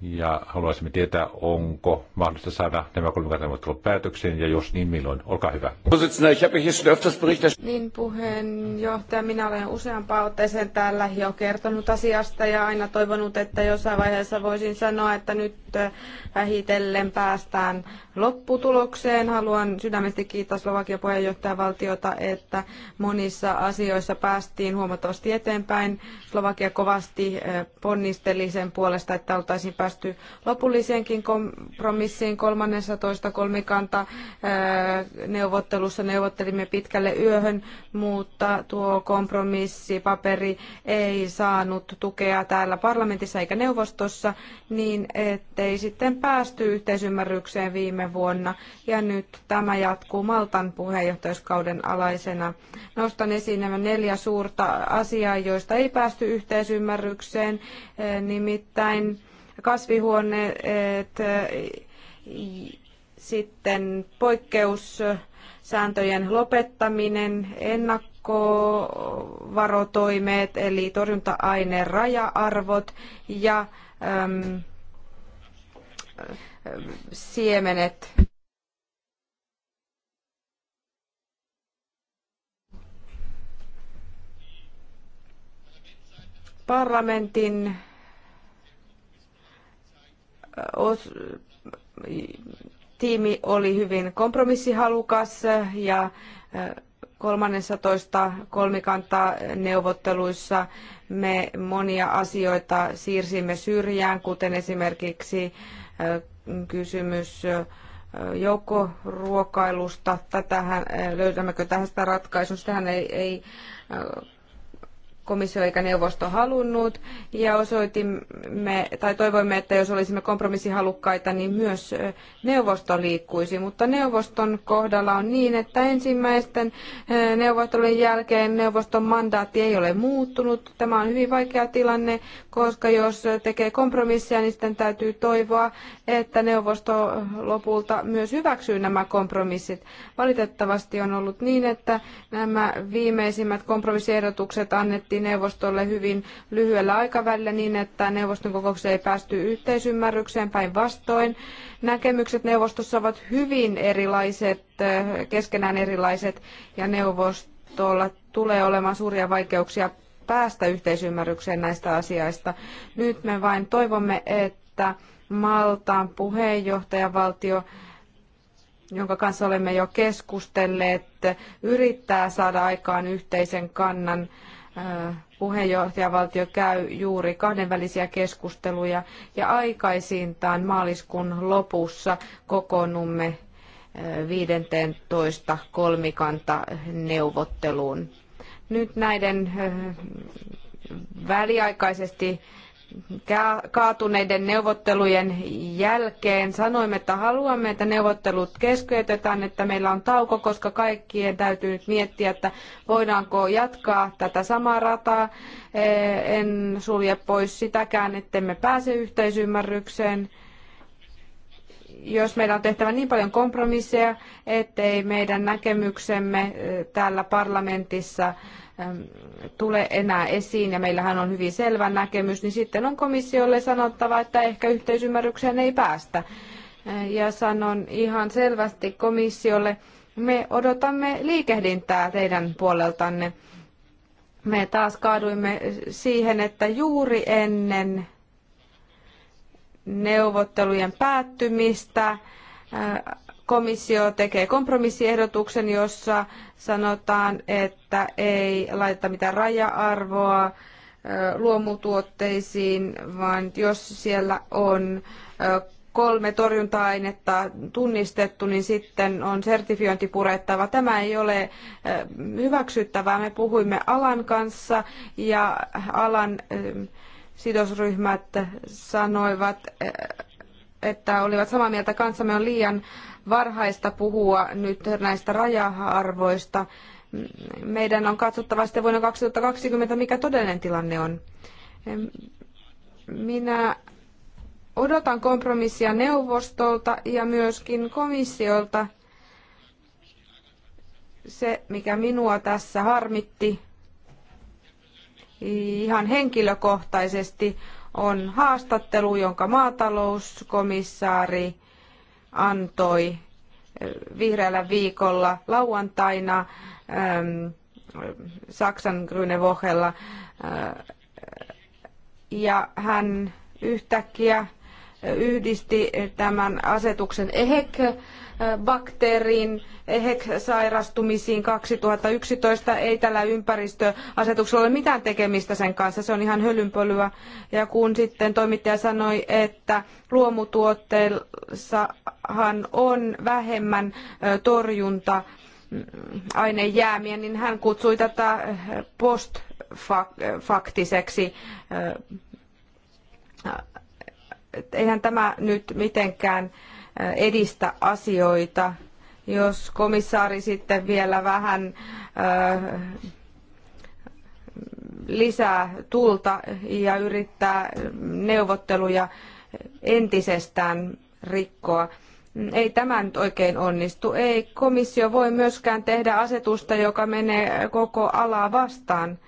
ja haluaisimme tietää, onko mahdollista saada nämä kolmikantaneuvottelut päätökseen, ja jos niin, milloin? Olkaa hyvä. Niin, puheenjohtaja, minä olen useampaan otteeseen täällä jo kertonut asiasta, ja aina toivonut, että jossain vaiheessa voisin sanoa, että nyt äh, vähitellen päästään lopputulokseen. Haluan sydämesti kiittää Slovakia puheenjohtajavaltiota, että monissa asioissa päästiin huomattavasti eteenpäin. Slovakia kovasti äh, ponnisteli sen puolesta, että oltaisiin päästy päästy lopulliseenkin kompromissiin 13. kolmikanta neuvottelussa. Neuvottelimme pitkälle yöhön, mutta tuo kompromissipaperi ei saanut tukea täällä parlamentissa eikä neuvostossa, niin ettei sitten päästy yhteisymmärrykseen viime vuonna. Ja nyt tämä jatkuu Maltan puheenjohtajuuskauden alaisena. Nostan esiin nämä neljä suurta asiaa, joista ei päästy yhteisymmärrykseen, nimittäin kasvihuoneet, eh, sitten poikkeussääntöjen lopettaminen, ennakkovarotoimet eli torjunta-aineen raja-arvot ja äm, siemenet. Parlamentin os, tiimi oli hyvin kompromissihalukas ja 13 äh, kolmikanta neuvotteluissa me monia asioita siirsimme syrjään, kuten esimerkiksi äh, kysymys äh, joukkoruokailusta. Tätähän, löydämmekö tähän ratkaisun? Sitähän ei, ei komissio eikä neuvosto halunnut, ja osoitimme, tai toivoimme, että jos olisimme kompromissihalukkaita, niin myös neuvosto liikkuisi. Mutta neuvoston kohdalla on niin, että ensimmäisten neuvottelujen jälkeen neuvoston mandaatti ei ole muuttunut. Tämä on hyvin vaikea tilanne, koska jos tekee kompromissia, niin sitten täytyy toivoa, että neuvosto lopulta myös hyväksyy nämä kompromissit. Valitettavasti on ollut niin, että nämä viimeisimmät kompromissiehdotukset annettiin annettiin neuvostolle hyvin lyhyellä aikavälillä niin, että neuvoston kokouksessa ei päästy yhteisymmärrykseen päinvastoin. Näkemykset neuvostossa ovat hyvin erilaiset, eh, keskenään erilaiset ja neuvostolla tulee olemaan suuria vaikeuksia päästä yhteisymmärrykseen näistä asioista. Nyt me vain toivomme, että Maltaan puheenjohtajavaltio jonka kanssa olemme jo keskustelleet, yrittää saada aikaan yhteisen kannan Äh, puheenjohtajavaltio käy juuri kahdenvälisiä keskusteluja ja aikaisintaan maaliskuun lopussa kokoonnumme 15 äh, kolmikanta neuvotteluun. Nyt näiden äh, väliaikaisesti kaatuneiden neuvottelujen jälkeen sanoimme, että haluamme, että neuvottelut keskeytetään, että meillä on tauko, koska kaikkien täytyy nyt miettiä, että voidaanko jatkaa tätä samaa rataa. Eh, en sulje pois sitäkään, ettemme pääse yhteisymmärrykseen. Jos meillä on tehtävä niin paljon kompromisseja, ettei meidän näkemyksemme eh, täällä parlamentissa tule enää esiin ja meillähän on hyvin selvä näkemys, niin sitten on komissiolle sanottava, että ehkä yhteisymmärrykseen ei päästä. Ja sanon ihan selvästi komissiolle, me odotamme liikehdintää teidän puoleltanne. Me taas kaaduimme siihen, että juuri ennen neuvottelujen päättymistä komissio tekee kompromissiehdotuksen, jossa sanotaan, että ei laiteta mitään raja-arvoa luomutuotteisiin, vaan jos siellä on kolme torjunta-ainetta tunnistettu, niin sitten on sertifiointi purettava. Tämä ei ole hyväksyttävää. Me puhuimme alan kanssa ja alan sidosryhmät sanoivat, että olivat samaa mieltä kanssamme on liian varhaista puhua nyt näistä raja-arvoista. Meidän on katsottava sitten vuonna 2020, mikä todellinen tilanne on. Minä odotan kompromissia neuvostolta ja myöskin komissiolta. Se, mikä minua tässä harmitti ihan henkilökohtaisesti, on haastattelu, jonka maatalouskomissaari antoi eh, vihreällä viikolla lauantaina ehm, Saksan Äh, Ja hän yhtäkkiä yhdisti tämän asetuksen EHEC bakteeriin hec sairastumisiin 2011. Ei tällä ympäristöasetuksella ole mitään tekemistä sen kanssa, se on ihan hölynpölyä. Ja kun sitten toimittaja sanoi, että luomutuotteissahan on vähemmän torjunta mm, ainejäämiä, niin hän kutsui tätä postfaktiseksi eihän tämä nyt mitenkään Äh, edistä asioita. Jos komissaari sitten vielä vähän äh, lisää tulta ja yrittää neuvotteluja entisestään rikkoa. Ei tämä nyt oikein onnistu. Ei komissio voi myöskään tehdä asetusta, joka menee koko alaa vastaan.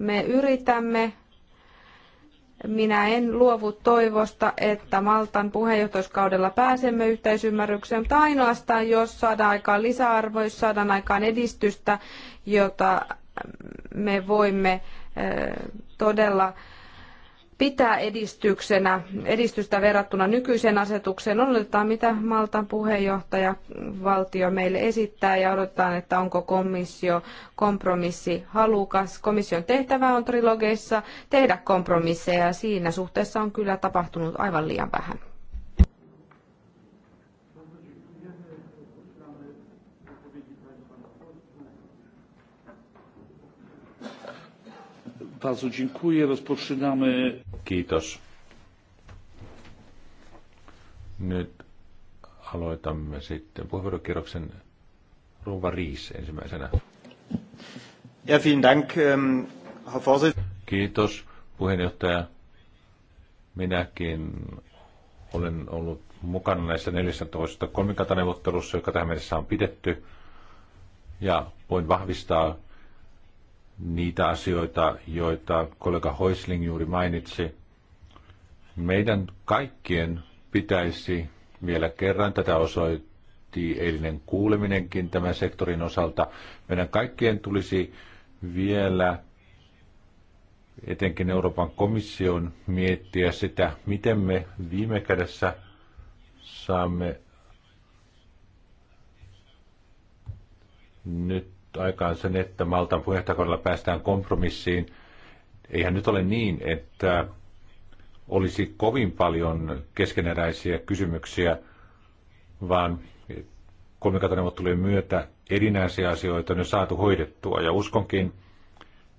Me yritämme minä en luovu toivosta, että Maltan puheenjohtajuuskaudella pääsemme yhteisymmärrykseen, mutta ainoastaan jos saadaan aikaan lisäarvoa, jos saadaan aikaan edistystä, jota me voimme eh, todella pitää edistyksenä, edistystä verrattuna nykyiseen asetukseen. Odotetaan, mitä Maltan puheenjohtaja valtio meille esittää ja odotetaan, että onko komissio kompromissi halukas. Komission tehtävä on trilogeissa tehdä kompromisseja ja siinä suhteessa on kyllä tapahtunut aivan liian vähän. Bardzo dziękuję. Rozpoczynamy Kiitos. Nyt aloitamme sitten puheenvuorokierroksen Ruva Riis ensimmäisenä. Ja vielen dank, ähm, Herr Kiitos puheenjohtaja. Minäkin olen ollut mukana näissä 14 kolmikantaneuvottelussa, joka tähän mennessä on pidetty. Ja voin vahvistaa, niitä asioita, joita kollega Hoisling juuri mainitsi. Meidän kaikkien pitäisi vielä kerran, tätä osoitti eilinen kuuleminenkin tämän sektorin osalta, meidän kaikkien tulisi vielä etenkin Euroopan komission miettiä sitä, miten me viime kädessä saamme nyt aikaan sen, että Maltan puheenjohtajakaudella päästään kompromissiin. Eihän nyt ole niin, että olisi kovin paljon keskeneräisiä kysymyksiä, vaan kolmikantaneuvottelujen myötä erinäisiä asioita on jo saatu hoidettua. Ja uskonkin,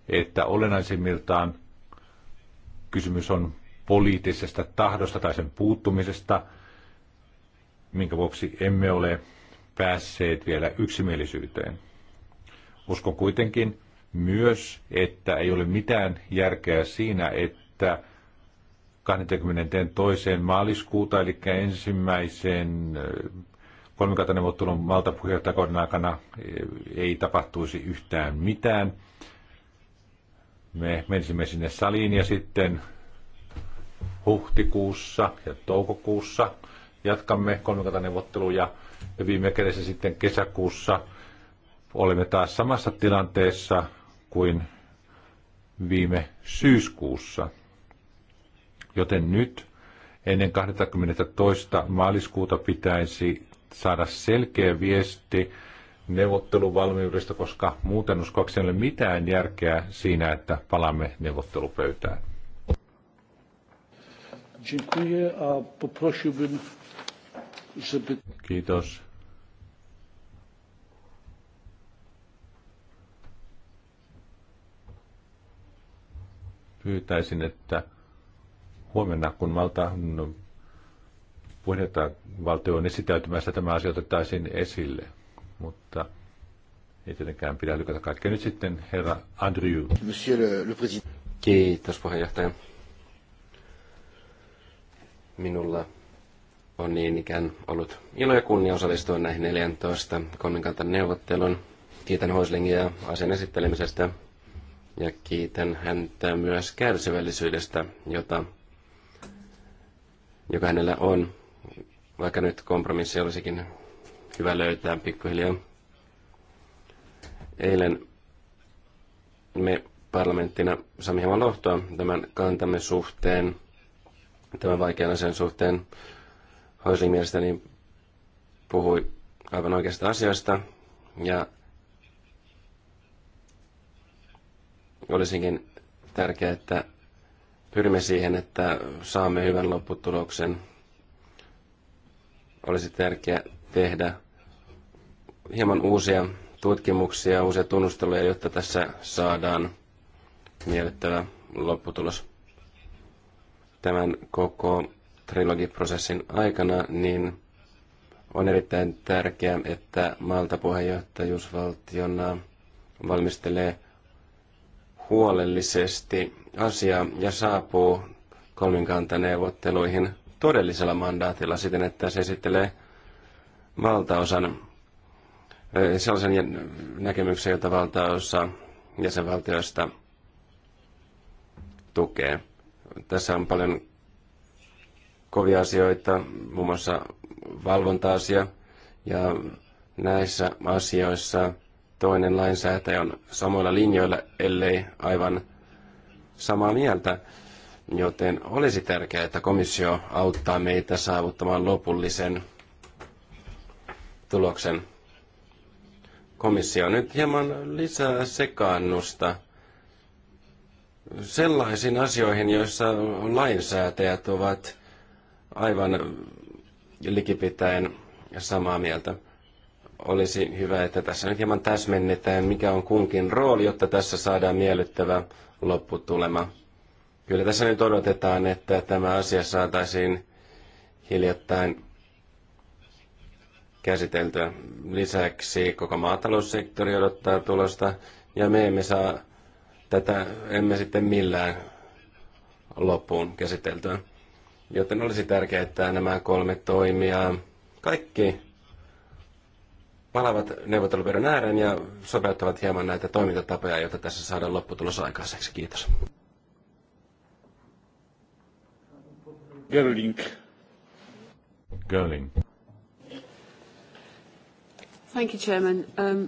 että olennaisimmiltaan kysymys on poliittisesta tahdosta tai sen puuttumisesta, minkä vuoksi emme ole päässeet vielä yksimielisyyteen. Uskon kuitenkin myös, että ei ole mitään järkeä siinä, että 22. maaliskuuta, eli ensimmäisen kolmikantaneuvottelun Malta aikana ei tapahtuisi yhtään mitään. Me menisimme sinne saliin ja sitten huhtikuussa ja toukokuussa jatkamme kolmikantaneuvotteluja ja viime kädessä sitten kesäkuussa – olemme taas samassa tilanteessa kuin viime syyskuussa. Joten nyt ennen 22. maaliskuuta pitäisi saada selkeä viesti neuvotteluvalmiudesta, koska muuten uskoakseni ei ole mitään järkeä siinä, että palaamme neuvottelupöytään. Kiitos. pyytäisin, että huomenna, kun valta no, valtio on esitäytymässä, tämä asia otettaisiin esille. Mutta ei tietenkään pidä lykätä kaikkea. Nyt sitten herra Andrew. Monsieur le, le président. Kiitos puheenjohtaja. Minulla on niin ikään ollut ilo ja kunnia osallistua näihin 14 kolmikantan neuvotteluun. Kiitän Hoislingia asian esittelemisestä ja kiitän häntä myös kärsivällisyydestä, jota, joka hänellä on. Vaikka nyt kompromissi olisikin hyvä löytää pikkuhiljaa. Eilen me parlamenttina saimme hieman lohtoa tämän kantamme suhteen, tämän vaikean asian suhteen. Hoisin mielestäni puhui aivan oikeasta asioista ja Olisinkin tärkeää, että pyrimme siihen, että saamme hyvän lopputuloksen. Olisi tärkeää tehdä hieman uusia tutkimuksia, uusia tunnusteluja, jotta tässä saadaan miellyttävä lopputulos. Tämän koko trilogiprosessin aikana niin on erittäin tärkeää, että Malta puheenjohtajuusvaltiona valmistelee – huolellisesti asiaa ja saapuu kolminkantaneuvotteluihin todellisella mandaatilla siten, että se esittelee valtaosan sellaisen näkemyksen, jota valtaosa jäsenvaltioista tukee. Tässä on paljon kovia asioita, muun muassa valvonta-asia, ja näissä asioissa – toinen lainsäätäjä on samoilla linjoilla, ellei aivan samaa mieltä. Joten olisi tärkeää, että komissio auttaa meitä saavuttamaan lopullisen tuloksen. Komissio on nyt hieman lisää sekaannusta sellaisiin asioihin, joissa lainsäätäjät ovat aivan likipitäen samaa mieltä olisi hyvä, että tässä nyt hieman täsmennetään, mikä on kunkin rooli, jotta tässä saadaan miellyttävä lopputulema. Kyllä tässä nyt odotetaan, että tämä asia saataisiin hiljattain käsiteltyä. Lisäksi koko maataloussektori odottaa tulosta ja me emme saa tätä emme sitten millään loppuun käsiteltyä. Joten olisi tärkeää, että nämä kolme toimia kaikki palaavat neuvottelupöydän ääreen ja sopeuttavat hieman näitä toimintatapoja, joita tässä saadaan lopputulos aikaiseksi. Kiitos. Görling. Görling. Thank you, Chairman. Um,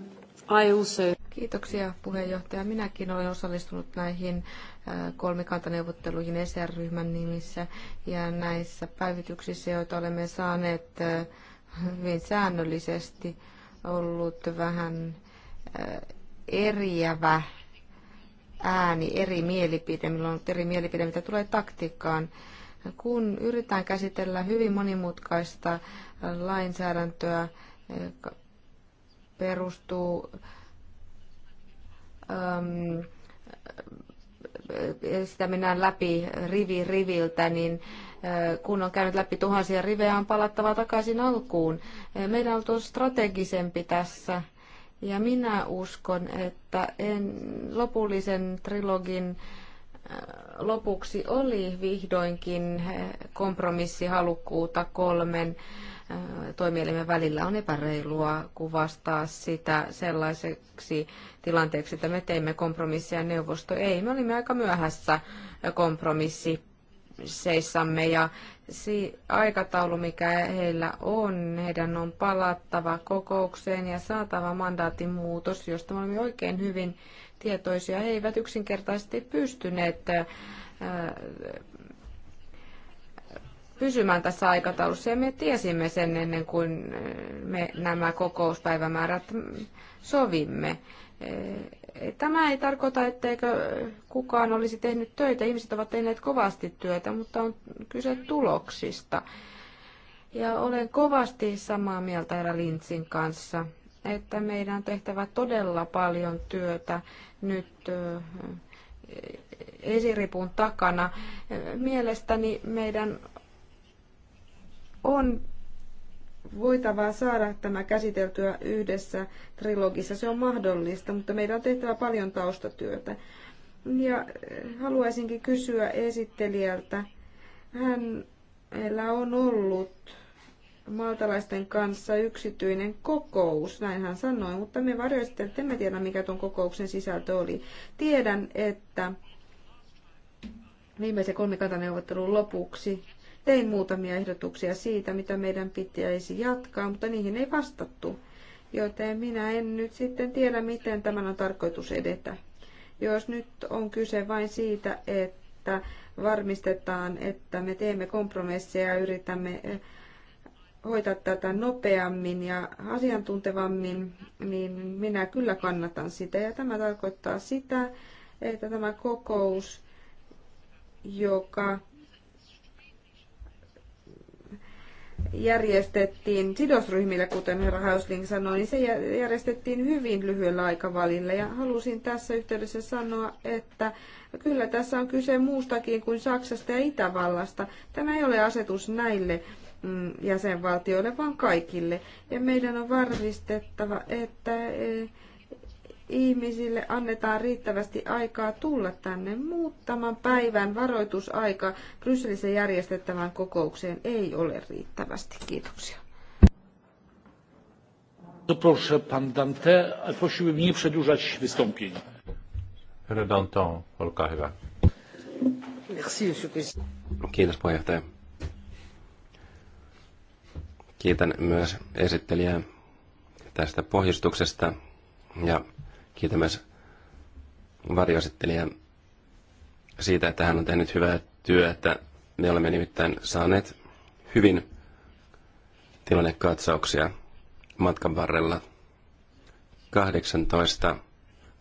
I also... Kiitoksia puheenjohtaja. Minäkin olen osallistunut näihin äh, kolmikantaneuvotteluihin ESR-ryhmän nimissä ja näissä päivityksissä, joita olemme saaneet äh, hyvin säännöllisesti ollut vähän äh, eriävä ääni, eri mielipide, milloin on ollut eri mielipide, mitä tulee taktiikkaan. Kun yritetään käsitellä hyvin monimutkaista lainsäädäntöä, joka äh, perustuu äm, äh, sitä mennään läpi rivi riviltä, niin kun on käynyt läpi tuhansia rivejä, on palattava takaisin alkuun. Meidän on oltu strategisempi tässä. Ja minä uskon, että en, lopullisen trilogin lopuksi oli vihdoinkin kompromissihalukkuutta kolmen toimielimen välillä on epäreilua kuvastaa sitä sellaiseksi tilanteeksi, että me teimme kompromissia neuvosto ei. Me olimme aika myöhässä kompromissi seissamme ja si aikataulu, mikä heillä on, heidän on palattava kokoukseen ja saatava mandaatin muutos, josta olemme oikein hyvin tietoisia. He eivät yksinkertaisesti pystyneet äh, pysymään tässä aikataulussa ja me tiesimme sen ennen kuin me nämä kokouspäivämäärät sovimme. Äh, Tämä ei tarkoita, etteikö kukaan olisi tehnyt töitä. Ihmiset ovat tehneet kovasti työtä, mutta on kyse tuloksista. Ja olen kovasti samaa mieltä Era Lintzin kanssa, että meidän on tehtävä todella paljon työtä nyt esiripun takana. Mielestäni meidän on voitava saada tämä käsiteltyä yhdessä trilogissa. Se on mahdollista, mutta meidän on tehtävä paljon taustatyötä. Ja eh, haluaisinkin kysyä esittelijältä. meillä on ollut maltalaisten kanssa yksityinen kokous, näin hän sanoi, mutta me että emme tiedä, mikä tuon kokouksen sisältö oli. Tiedän, että viimeisen kolmikantaneuvottelun lopuksi tein muutamia ehdotuksia siitä, mitä meidän pitäisi jatkaa, mutta niihin ei vastattu. Joten minä en nyt sitten tiedä, miten tämän on tarkoitus edetä. Jos nyt on kyse vain siitä, että varmistetaan, että me teemme kompromisseja ja yritämme eh, hoitaa tätä nopeammin ja asiantuntevammin, niin minä kyllä kannatan sitä. Ja tämä tarkoittaa sitä, että tämä kokous, joka järjestettiin sidosryhmille, kuten herra Hausling sanoi, niin se järjestettiin hyvin lyhyellä aikavälillä. Ja halusin tässä yhteydessä sanoa, että kyllä tässä on kyse muustakin kuin Saksasta ja Itävallasta. Tämä ei ole asetus näille mm, jäsenvaltioille, vaan kaikille. Ja meidän on varmistettava, että eh, ihmisille annetaan riittävästi aikaa tulla tänne. Muutaman päivän varoitusaika Brysselissä järjestettävään kokoukseen ei ole riittävästi. Kiitoksia. Proszę pan Dante, ale prosiłbym nie przedłużać wystąpień. Herra Danton, olkaa hyvä. Kiitos puheenjohtaja. Kiitän myös esittelijää tästä pohjustuksesta ja kiitämässä myös varjoesittelijä siitä, että hän on tehnyt hyvää työtä. Me olemme nimittäin saaneet hyvin tilannekatsauksia matkan varrella. 18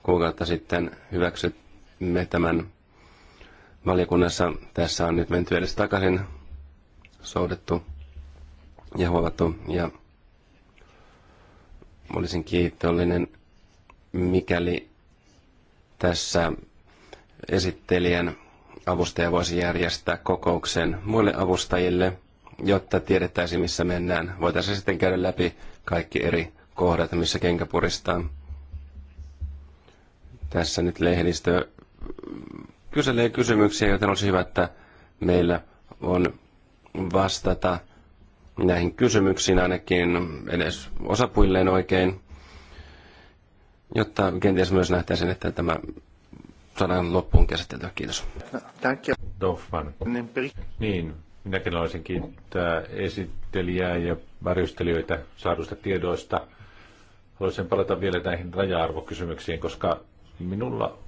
kuukautta sitten hyväksymme tämän valiokunnassa. Tässä on nyt menty edes takaisin, soudettu ja huovattu. Ja olisin kiitollinen mikäli tässä esittelijän avustaja voisi järjestää kokouksen muille avustajille, jotta tiedettäisiin, missä mennään. Voitaisiin sitten käydä läpi kaikki eri kohdat, missä kenkä puristaa. Tässä nyt lehdistö kyselee kysymyksiä, joten olisi hyvä, että meillä on vastata näihin kysymyksiin ainakin edes osapuilleen oikein jotta kenties myös nähtäisiin, että tämä saadaan loppuun käsiteltyä. Kiitos. Doffman. Niin, minäkin olisin kiittää esittelijää ja värjystelijöitä saadusta tiedoista. Haluaisin palata vielä näihin raja-arvokysymyksiin, koska minulla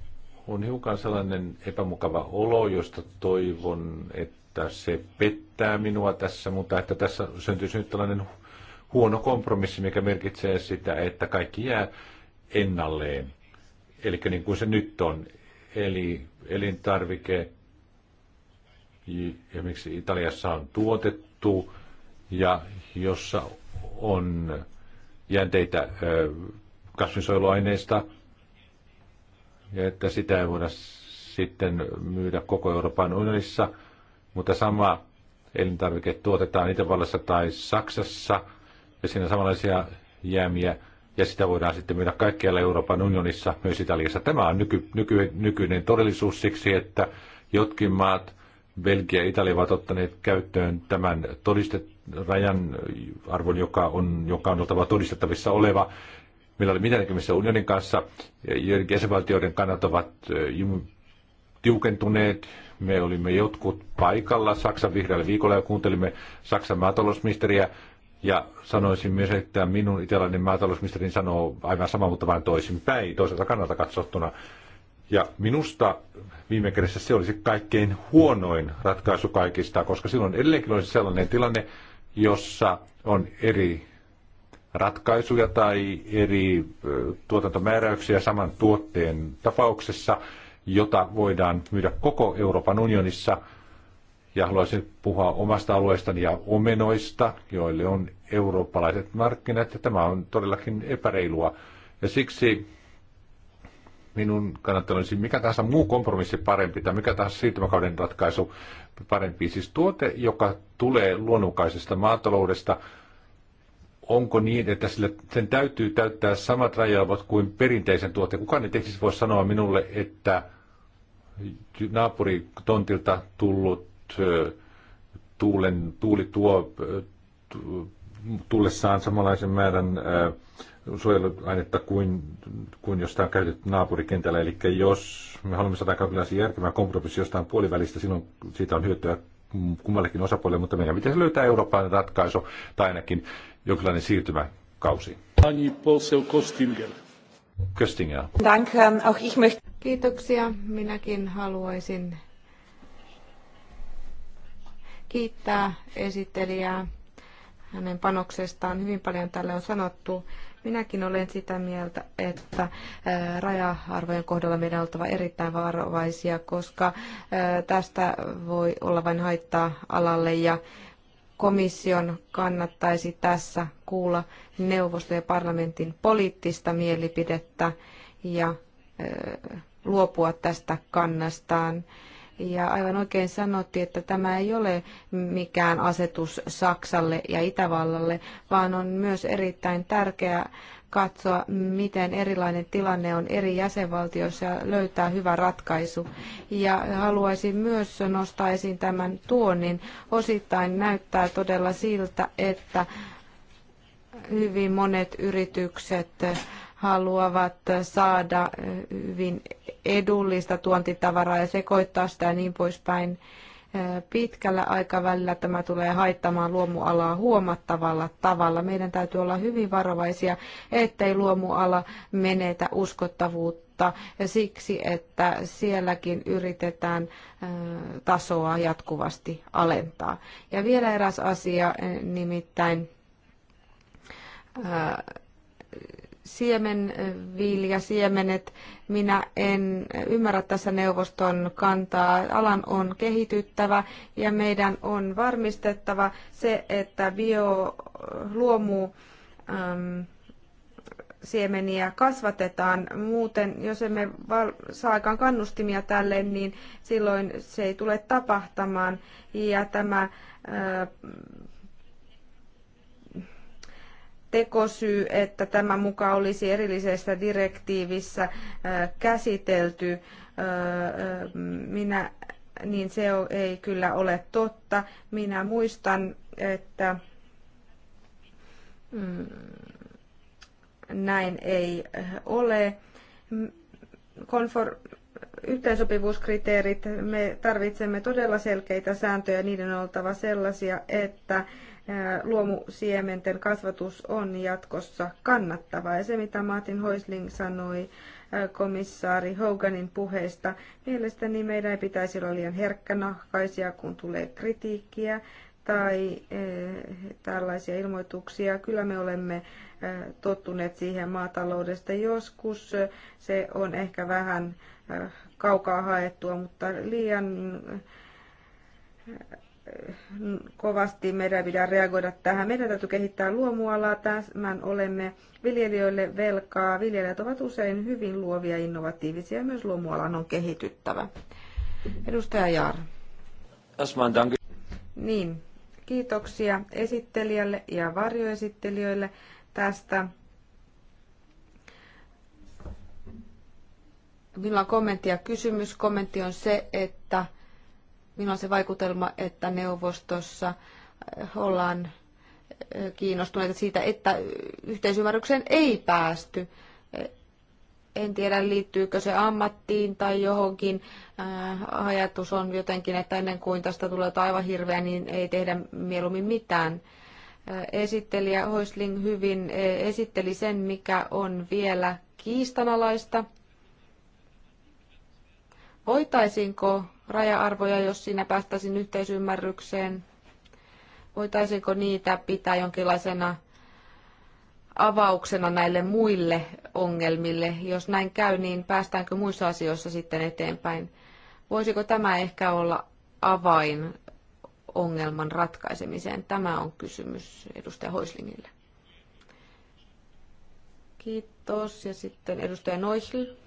on hiukan sellainen epämukava olo, josta toivon, että se pettää minua tässä, mutta että tässä syntyisi nyt tällainen huono kompromissi, mikä merkitsee sitä, että kaikki jää ennalleen, eli niin kuin se nyt on. Eli elintarvike, ja miksi Italiassa on tuotettu, ja jossa on jänteitä kasvinsuojeluaineista, ja että sitä ei voida sitten myydä koko Euroopan unionissa, mutta sama elintarvike tuotetaan Itävallassa tai Saksassa, ja siinä samanlaisia jäämiä ja sitä voidaan sitten myydä kaikkialla Euroopan unionissa, myös Italiassa. Tämä on nyky, nyky, nykyinen todellisuus siksi, että jotkin maat, Belgia ja Italia, ovat ottaneet käyttöön tämän todisterajan arvon, joka on, joka on oltava todistettavissa oleva. Meillä oli mitä unionin kanssa. Jäsenvaltioiden kannat ovat tiukentuneet. Me olimme jotkut paikalla Saksan vihreällä viikolla ja kuuntelimme Saksan maatalousministeriä ja sanoisin myös, että minun itäläinen maatalousministeri sanoo aivan sama, mutta vain toisinpäin, toiselta kannalta katsottuna. Ja minusta viime kädessä se olisi kaikkein huonoin ratkaisu kaikista, koska silloin edelleenkin olisi sellainen tilanne, jossa on eri ratkaisuja tai eri tuotantomääräyksiä saman tuotteen tapauksessa, jota voidaan myydä koko Euroopan unionissa – ja haluaisin puhua omasta alueestani ja omenoista, joille on eurooppalaiset markkinat, ja tämä on todellakin epäreilua. Ja siksi minun kannattaa olisi mikä tahansa muu kompromissi parempi tai mikä tahansa siirtymäkauden ratkaisu parempi. Siis tuote, joka tulee luonnonkaisesta maataloudesta, onko niin, että sille, sen täytyy täyttää samat rajoivat kuin perinteisen tuotteen? Kukaan ei tekisi voi sanoa minulle, että naapuritontilta tullut tuulen, tuuli tuo tullessaan samanlaisen määrän suojeluainetta kuin, kuin on käytetty naapurikentällä. Eli jos me haluamme saada kaikenlaisia järkevää kompromissi jostain puolivälistä, silloin siitä on hyötyä kummallekin osapuolelle, mutta meidän pitäisi löytää eurooppalainen ratkaisu tai ainakin jonkinlainen siirtymäkausi. Pani Posel Kostinger. Köstinger. Danke, ähm, auch ich möchte. Kiitoksia. Minäkin haluaisin kiittää esittelijää hänen panoksestaan. Hyvin paljon tälle on sanottu. Minäkin olen sitä mieltä, että äh, raja-arvojen kohdalla meidän on oltava erittäin varovaisia, koska äh, tästä voi olla vain haittaa alalle ja komission kannattaisi tässä kuulla neuvoston ja parlamentin poliittista mielipidettä ja äh, luopua tästä kannastaan. Ja aivan oikein sanottiin, että tämä ei ole mikään asetus Saksalle ja Itävallalle, vaan on myös erittäin tärkeää katsoa, miten erilainen tilanne on eri jäsenvaltioissa ja löytää hyvä ratkaisu. Ja haluaisin myös nostaa esiin tämän tuonnin. Osittain näyttää todella siltä, että hyvin monet yritykset haluavat saada eh, hyvin edullista tuontitavaraa ja sekoittaa sitä ja niin poispäin. Eh, pitkällä aikavälillä tämä tulee haittamaan luomualaa huomattavalla tavalla. Meidän täytyy olla hyvin varovaisia, ettei luomuala menetä uskottavuutta siksi, että sielläkin yritetään eh, tasoa jatkuvasti alentaa. Ja vielä eräs asia, nimittäin siemenvilja, siemenet. Minä en ymmärrä tässä neuvoston kantaa. Alan on kehityttävä ja meidän on varmistettava se, että bioluomu äm, siemeniä kasvatetaan. Muuten, jos emme val- saa aikaan kannustimia tälle, niin silloin se ei tule tapahtamaan. Ja tämä ää, tekosyy, että tämä mukaan olisi erillisessä direktiivissä äh, käsitelty. Äh, äh, minä, niin se ei kyllä ole totta. Minä muistan, että mm, näin ei ole. Konfor- yhteensopivuuskriteerit, me tarvitsemme todella selkeitä sääntöjä, niiden on oltava sellaisia, että luomusiementen kasvatus on jatkossa kannattavaa. Ja se, mitä Martin Hoisling sanoi komissaari Hoganin puheesta, mielestäni meidän ei pitäisi olla liian herkkänahkaisia, kun tulee kritiikkiä tai tällaisia ilmoituksia. Kyllä me olemme tottuneet siihen maataloudesta joskus. Se on ehkä vähän kaukaa haettua, mutta liian kovasti, meidän pitää reagoida tähän. Meidän täytyy kehittää luomualaa, tämän olemme viljelijöille velkaa. Viljelijät ovat usein hyvin luovia ja innovatiivisia ja myös luomualan on kehityttävä. Edustaja Jaar. Niin, kiitoksia esittelijälle ja varjoesittelijöille tästä. Minulla on kommentti ja kysymys. Kommentti on se, että Minulla on se vaikutelma, että neuvostossa eh, ollaan eh, kiinnostuneita siitä, että yhteisymmärrykseen ei päästy. Eh, en tiedä, liittyykö se ammattiin tai johonkin. Ajatus on jotenkin, että ennen kuin tästä tulee jotain aivan hirveä, niin ei tehdä mieluummin mitään. Esittelijä Hoisling hyvin esitteli sen, mikä on vielä kiistanalaista. Voitaisinko raja-arvoja, jos siinä päästäisiin yhteisymmärrykseen? Voitaisiinko niitä pitää jonkinlaisena avauksena näille muille ongelmille? Jos näin käy, niin päästäänkö muissa asioissa sitten eteenpäin? Voisiko tämä ehkä olla avain ongelman ratkaisemiseen? Tämä on kysymys edustaja Hoislingille. Kiitos. Ja sitten edustaja Noisli.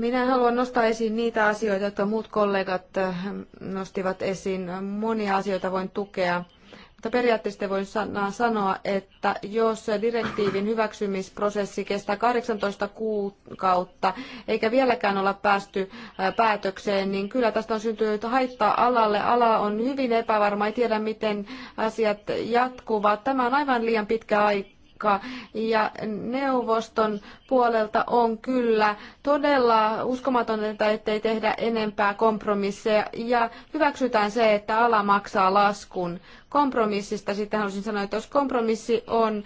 Minä haluan nostaa esiin niitä asioita, joita muut kollegat äh, nostivat esiin. Monia asioita voin tukea. Mutta periaatteessa voin sanoa, että jos direktiivin hyväksymisprosessi kestää 18 kuukautta eikä vieläkään olla päästy äh, päätökseen, niin kyllä tästä on syntynyt haittaa alalle. Ala on hyvin epävarma, ei tiedä miten asiat jatkuvat. Tämä on aivan liian pitkä aika paikkaa. Ja neuvoston puolelta on kyllä todella uskomatonta, ettei tehdä enempää kompromisseja ja hyväksytään se, että ala maksaa laskun kompromissista. Sitten haluaisin sanoa, että jos kompromissi on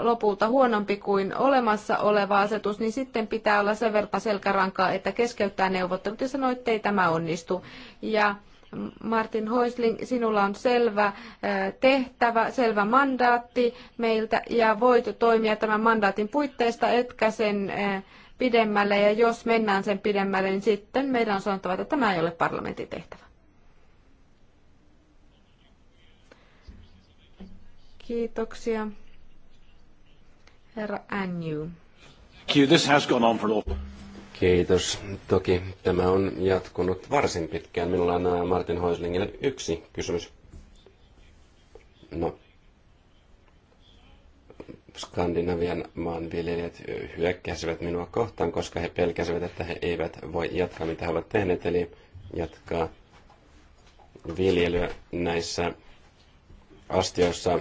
lopulta huonompi kuin olemassa oleva asetus, niin sitten pitää olla sen verran selkärankaa, että keskeyttää neuvottelut ja sanoo, että ei tämä onnistu. Ja Martin Hoisling, sinulla on selvä äh, tehtävä, selvä mandaatti meiltä ja voit toimia tämän mandaatin puitteista, etkä sen äh, pidemmälle. Ja jos mennään sen pidemmälle, niin sitten meidän on sanottava, että tämä ei ole parlamentin tehtävä. Kiitoksia. Herra Anju. This has gone on for a Kiitos. Toki tämä on jatkunut varsin pitkään. Minulla on äh, Martin Hoislingille yksi kysymys. No, Skandinavian maanviljelijät hyökkäsivät minua kohtaan, koska he pelkäsivät, että he eivät voi jatkaa mitä he ovat tehneet, eli jatkaa viljelyä näissä astioissa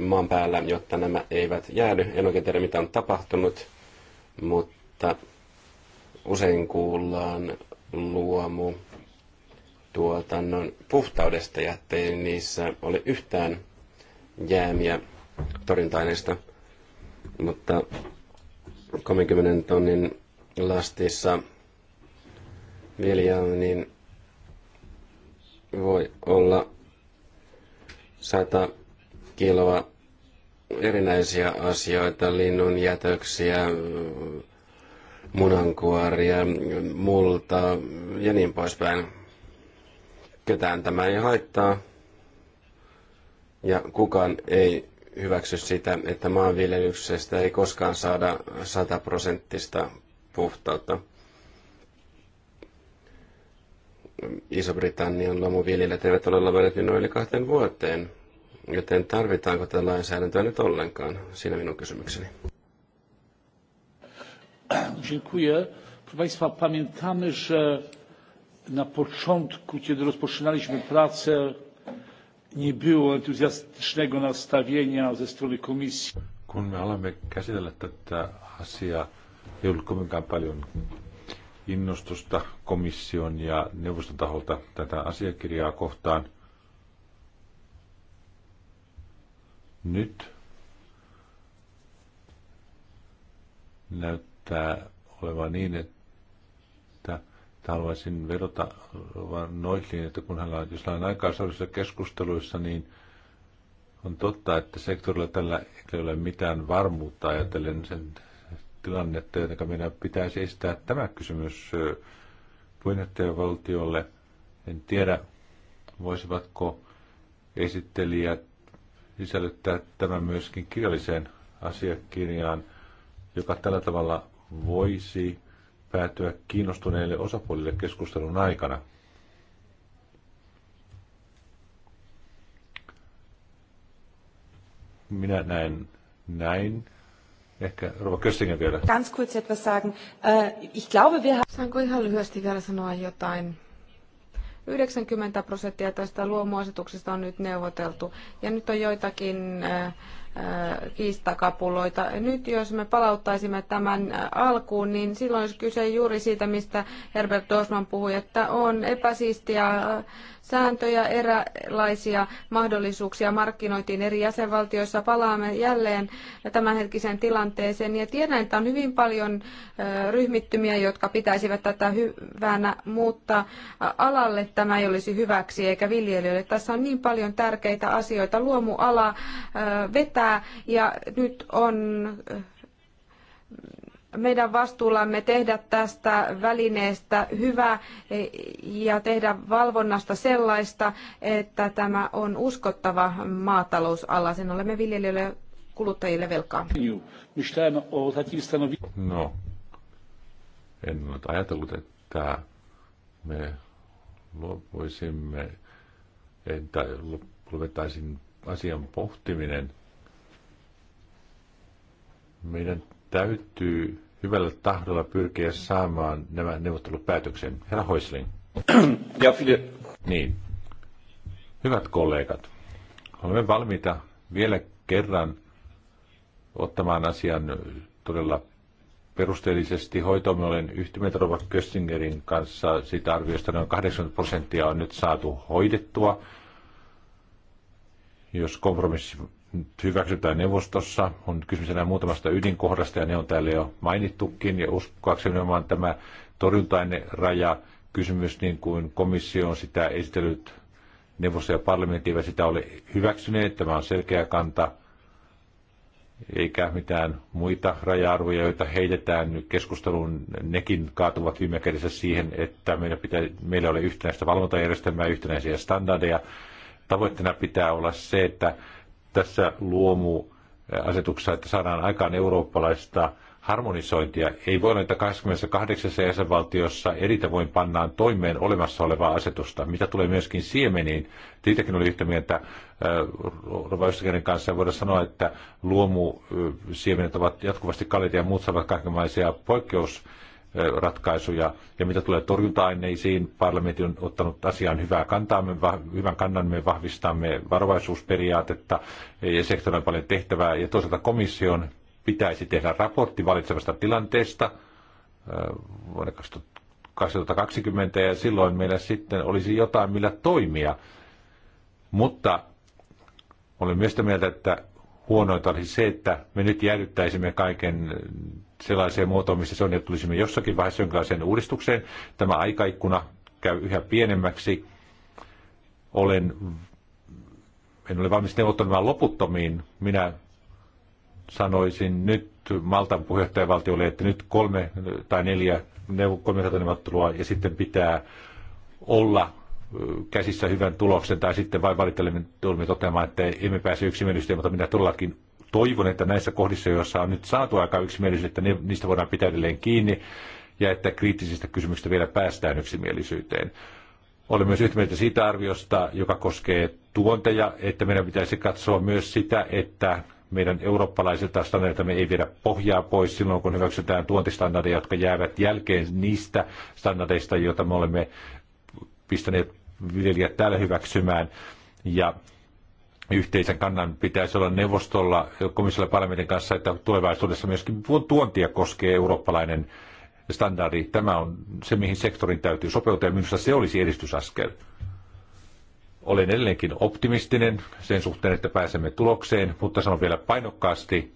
maan päällä, jotta nämä eivät jäädy. En oikein tiedä, mitä on tapahtunut, mutta Usein kuullaan luomu tuotannon puhtaudesta ja ettei niissä ole yhtään jäämiä torjunta-aineista, mutta 30 tonnin lastissa viljaa, niin voi olla 100 kiloa erinäisiä asioita, linnun jätöksiä, munankuoria, multa ja niin poispäin. Ketään tämä ei haittaa. Ja kukaan ei hyväksy sitä, että maanviljelyksestä ei koskaan saada sataprosenttista puhtautta. Iso-Britannian lomuviljelijät eivät ole lomanneet noin yli kahteen vuoteen, joten tarvitaanko tätä lainsäädäntöä nyt ollenkaan? Siinä minun kysymykseni. Proszę Państwa, pamiętamy, że na początku, kiedy rozpoczynaliśmy pracę, nie było entuzjastycznego nastawienia ze strony komisji. Kun me alamme käsitellä tätä asiaa, ei ollut kovinkaan paljon innostusta komission ja neuvoston taholta tätä asiakirjaa kohtaan. Nyt näyttää näyttää olevan niin, että, että haluaisin vedota noihin, että kun hän, on, jos on aikaa sellaisissa keskusteluissa, niin on totta, että sektorilla tällä ei ole mitään varmuutta ajatellen sen tilannetta, joten meidän pitäisi estää tämä kysymys puheenjohtajavaltiolle. En tiedä, voisivatko esittelijät sisällyttää tämän myöskin kirjalliseen asiakirjaan, joka tällä tavalla voisi päätyä kiinnostuneille osapuolille keskustelun aikana. Minä näen näin. Ehkä Rova Köstingen vielä. Ganz kurz etwas sagen. Äh, ich glaube, wir Saanko ihan lyhyesti vielä sanoa jotain? 90 prosenttia tästä luomuasetuksesta on nyt neuvoteltu. Ja nyt on joitakin uh, kiistakapuloita. Nyt jos me palauttaisimme tämän alkuun, niin silloin olisi kyse juuri siitä, mistä Herbert Osman puhui, että on epäsiistiä sääntöjä, erilaisia mahdollisuuksia markkinoitiin eri jäsenvaltioissa. Palaamme jälleen tämänhetkiseen tilanteeseen ja tiedän, että on hyvin paljon ryhmittymiä, jotka pitäisivät tätä hyvänä, mutta alalle tämä ei olisi hyväksi eikä viljelijöille. Tässä on niin paljon tärkeitä asioita. Luomuala vetää pitää ja nyt on eh, meidän vastuullamme tehdä tästä välineestä hyvä eh, ja tehdä valvonnasta sellaista, että tämä on uskottava maatalousala. Sen olemme viljelijöille kuluttajille velkaa. No, en ole ajatellut, että me luopuisimme, että lopettaisin asian pohtiminen – meidän täytyy hyvällä tahdolla pyrkiä saamaan nämä neuvottelut päätöksen. Herra Hoisling. Ja Fide. Niin. Hyvät kollegat, olemme valmiita vielä kerran ottamaan asian todella perusteellisesti hoitoon. Olen yhtä Robert Köstingerin kanssa Sitä arviosta noin 80 prosenttia on nyt saatu hoidettua. Jos kompromissi nyt hyväksytään neuvostossa. On kysymys enää muutamasta ydinkohdasta ja ne on täällä jo mainittukin. Ja uskoakseni on tämä torjuntainen raja kysymys, niin kuin komissio on sitä esitellyt neuvosto ja parlamentti eivät sitä ole hyväksyneet. Tämä on selkeä kanta, eikä mitään muita raja-arvoja, joita heitetään nyt keskusteluun. Nekin kaatuvat viime kädessä siihen, että meillä, pitää, meillä ole yhtenäistä valvontajärjestelmää, yhtenäisiä standardeja. Tavoitteena pitää olla se, että tässä luomuasetuksessa, että saadaan aikaan eurooppalaista harmonisointia. Ei voi olla, että 28 jäsenvaltiossa eri tavoin pannaan toimeen olemassa olevaa asetusta. Mitä tulee myöskin siemeniin, siitäkin oli yhtä mieltä Rovaissakerin kanssa. Voidaan sanoa, että luomusiemenet ovat jatkuvasti kalliita ja muut saavat kaikenlaisia poikkeus ratkaisuja. Ja mitä tulee torjunta-aineisiin, parlamentti on ottanut asiaan hyvää kantaamme, hyvän kannan, me vahvistamme varovaisuusperiaatetta ja sektorilla on paljon tehtävää. Ja toisaalta komission pitäisi tehdä raportti valitsevasta tilanteesta äh, vuonna 2020 ja silloin meillä sitten olisi jotain, millä toimia. Mutta olen myös sitä mieltä, että huonointa olisi se, että me nyt jäädyttäisimme kaiken sellaiseen muotoon, missä se on, että tulisimme jossakin vaiheessa jonkinlaiseen uudistukseen. Tämä aikaikkuna käy yhä pienemmäksi. Olen, en ole valmis neuvottelemaan loputtomiin. Minä sanoisin nyt Maltan puheenjohtajavaltiolle, että nyt kolme tai neljä neuvottelua ja sitten pitää olla käsissä hyvän tuloksen, tai sitten vain valittelemme tulemme toteamaan, että emme pääse yksimielisyyteen, mutta minä todellakin toivon, että näissä kohdissa, joissa on nyt saatu aika yksimielisyyttä, että niistä voidaan pitää edelleen kiinni, ja että kriittisistä kysymyksistä vielä päästään yksimielisyyteen. Olen myös yhtä mieltä siitä arviosta, joka koskee tuonteja, että meidän pitäisi katsoa myös sitä, että meidän eurooppalaisilta standardeilta me ei viedä pohjaa pois silloin, kun hyväksytään tuontistandardeja, jotka jäävät jälkeen niistä standardeista, joita me olemme pistäneet viljelijät täällä hyväksymään. Ja yhteisen kannan pitäisi olla neuvostolla, komissiolla parlamentin kanssa, että tulevaisuudessa myöskin tuontia koskee eurooppalainen standardi. Tämä on se, mihin sektorin täytyy sopeutua, ja minusta se olisi edistysaskel. Olen edelleenkin optimistinen sen suhteen, että pääsemme tulokseen, mutta sanon vielä painokkaasti,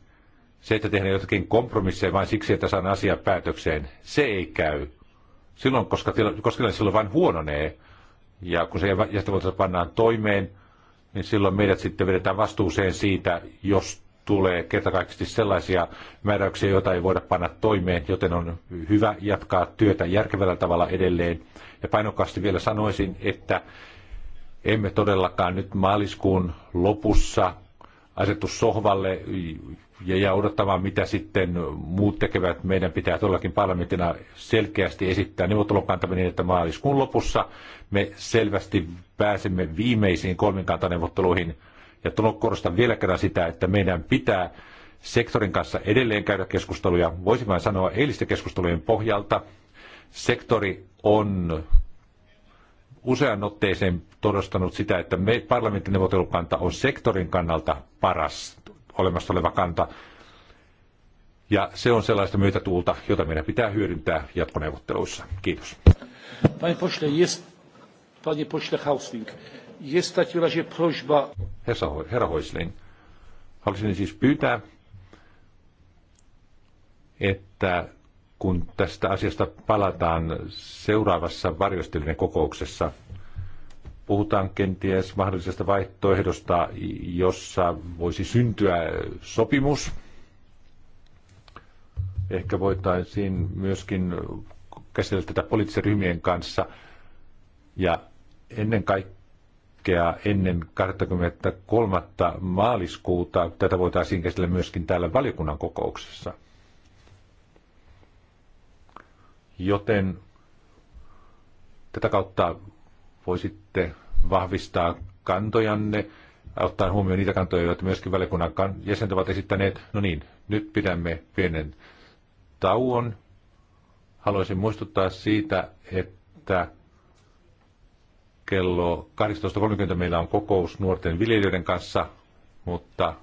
se, että tehdään jotakin kompromisseja vain siksi, että saan asia päätökseen, se ei käy. Silloin, koska, koska tilanne silloin vain huononee, ja kun se jäsenvaltio pannaan toimeen, niin silloin meidät sitten vedetään vastuuseen siitä, jos tulee kertakaikkisesti sellaisia määräyksiä, joita ei voida panna toimeen, joten on hyvä jatkaa työtä järkevällä tavalla edelleen. Ja painokkaasti vielä sanoisin, että emme todellakaan nyt maaliskuun lopussa asetussohvalle. sohvalle ja, jää odottamaan, mitä sitten muut tekevät. Meidän pitää todellakin parlamentina selkeästi esittää neuvottelukantaminen, niin, että maaliskuun lopussa me selvästi pääsemme viimeisiin kolminkantaneuvotteluihin. Ja korostan vielä kerran sitä, että meidän pitää sektorin kanssa edelleen käydä keskusteluja. Voisin vain sanoa eilisten keskustelujen pohjalta. Sektori on usean otteeseen todistanut sitä, että me parlamentin neuvottelukanta on sektorin kannalta paras olemassa oleva kanta. Ja se on sellaista myötätuulta, jota meidän pitää hyödyntää jatkoneuvotteluissa. Kiitos. Panie pośle, jest, panie pośle Hausling, prośba... Herra Hoisling, haluaisin siis pyytää, että kun tästä asiasta palataan seuraavassa varjostelinen kokouksessa Puhutaan kenties mahdollisesta vaihtoehdosta, jossa voisi syntyä sopimus. Ehkä voitaisiin myöskin käsitellä tätä poliittisen ryhmien kanssa. Ja ennen kaikkea ennen 23. maaliskuuta tätä voitaisiin käsitellä myöskin täällä valiokunnan kokouksessa. Joten tätä kautta voisitte vahvistaa kantojanne, ottaen huomioon niitä kantoja, joita myöskin valiokunnan jäsenet ovat esittäneet. No niin, nyt pidämme pienen tauon. Haluaisin muistuttaa siitä, että kello 18.30 meillä on kokous nuorten viljelijöiden kanssa, mutta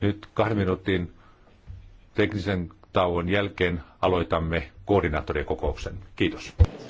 nyt kahden minuutin teknisen tauon jälkeen aloitamme koordinaattorien kokouksen. Kiitos.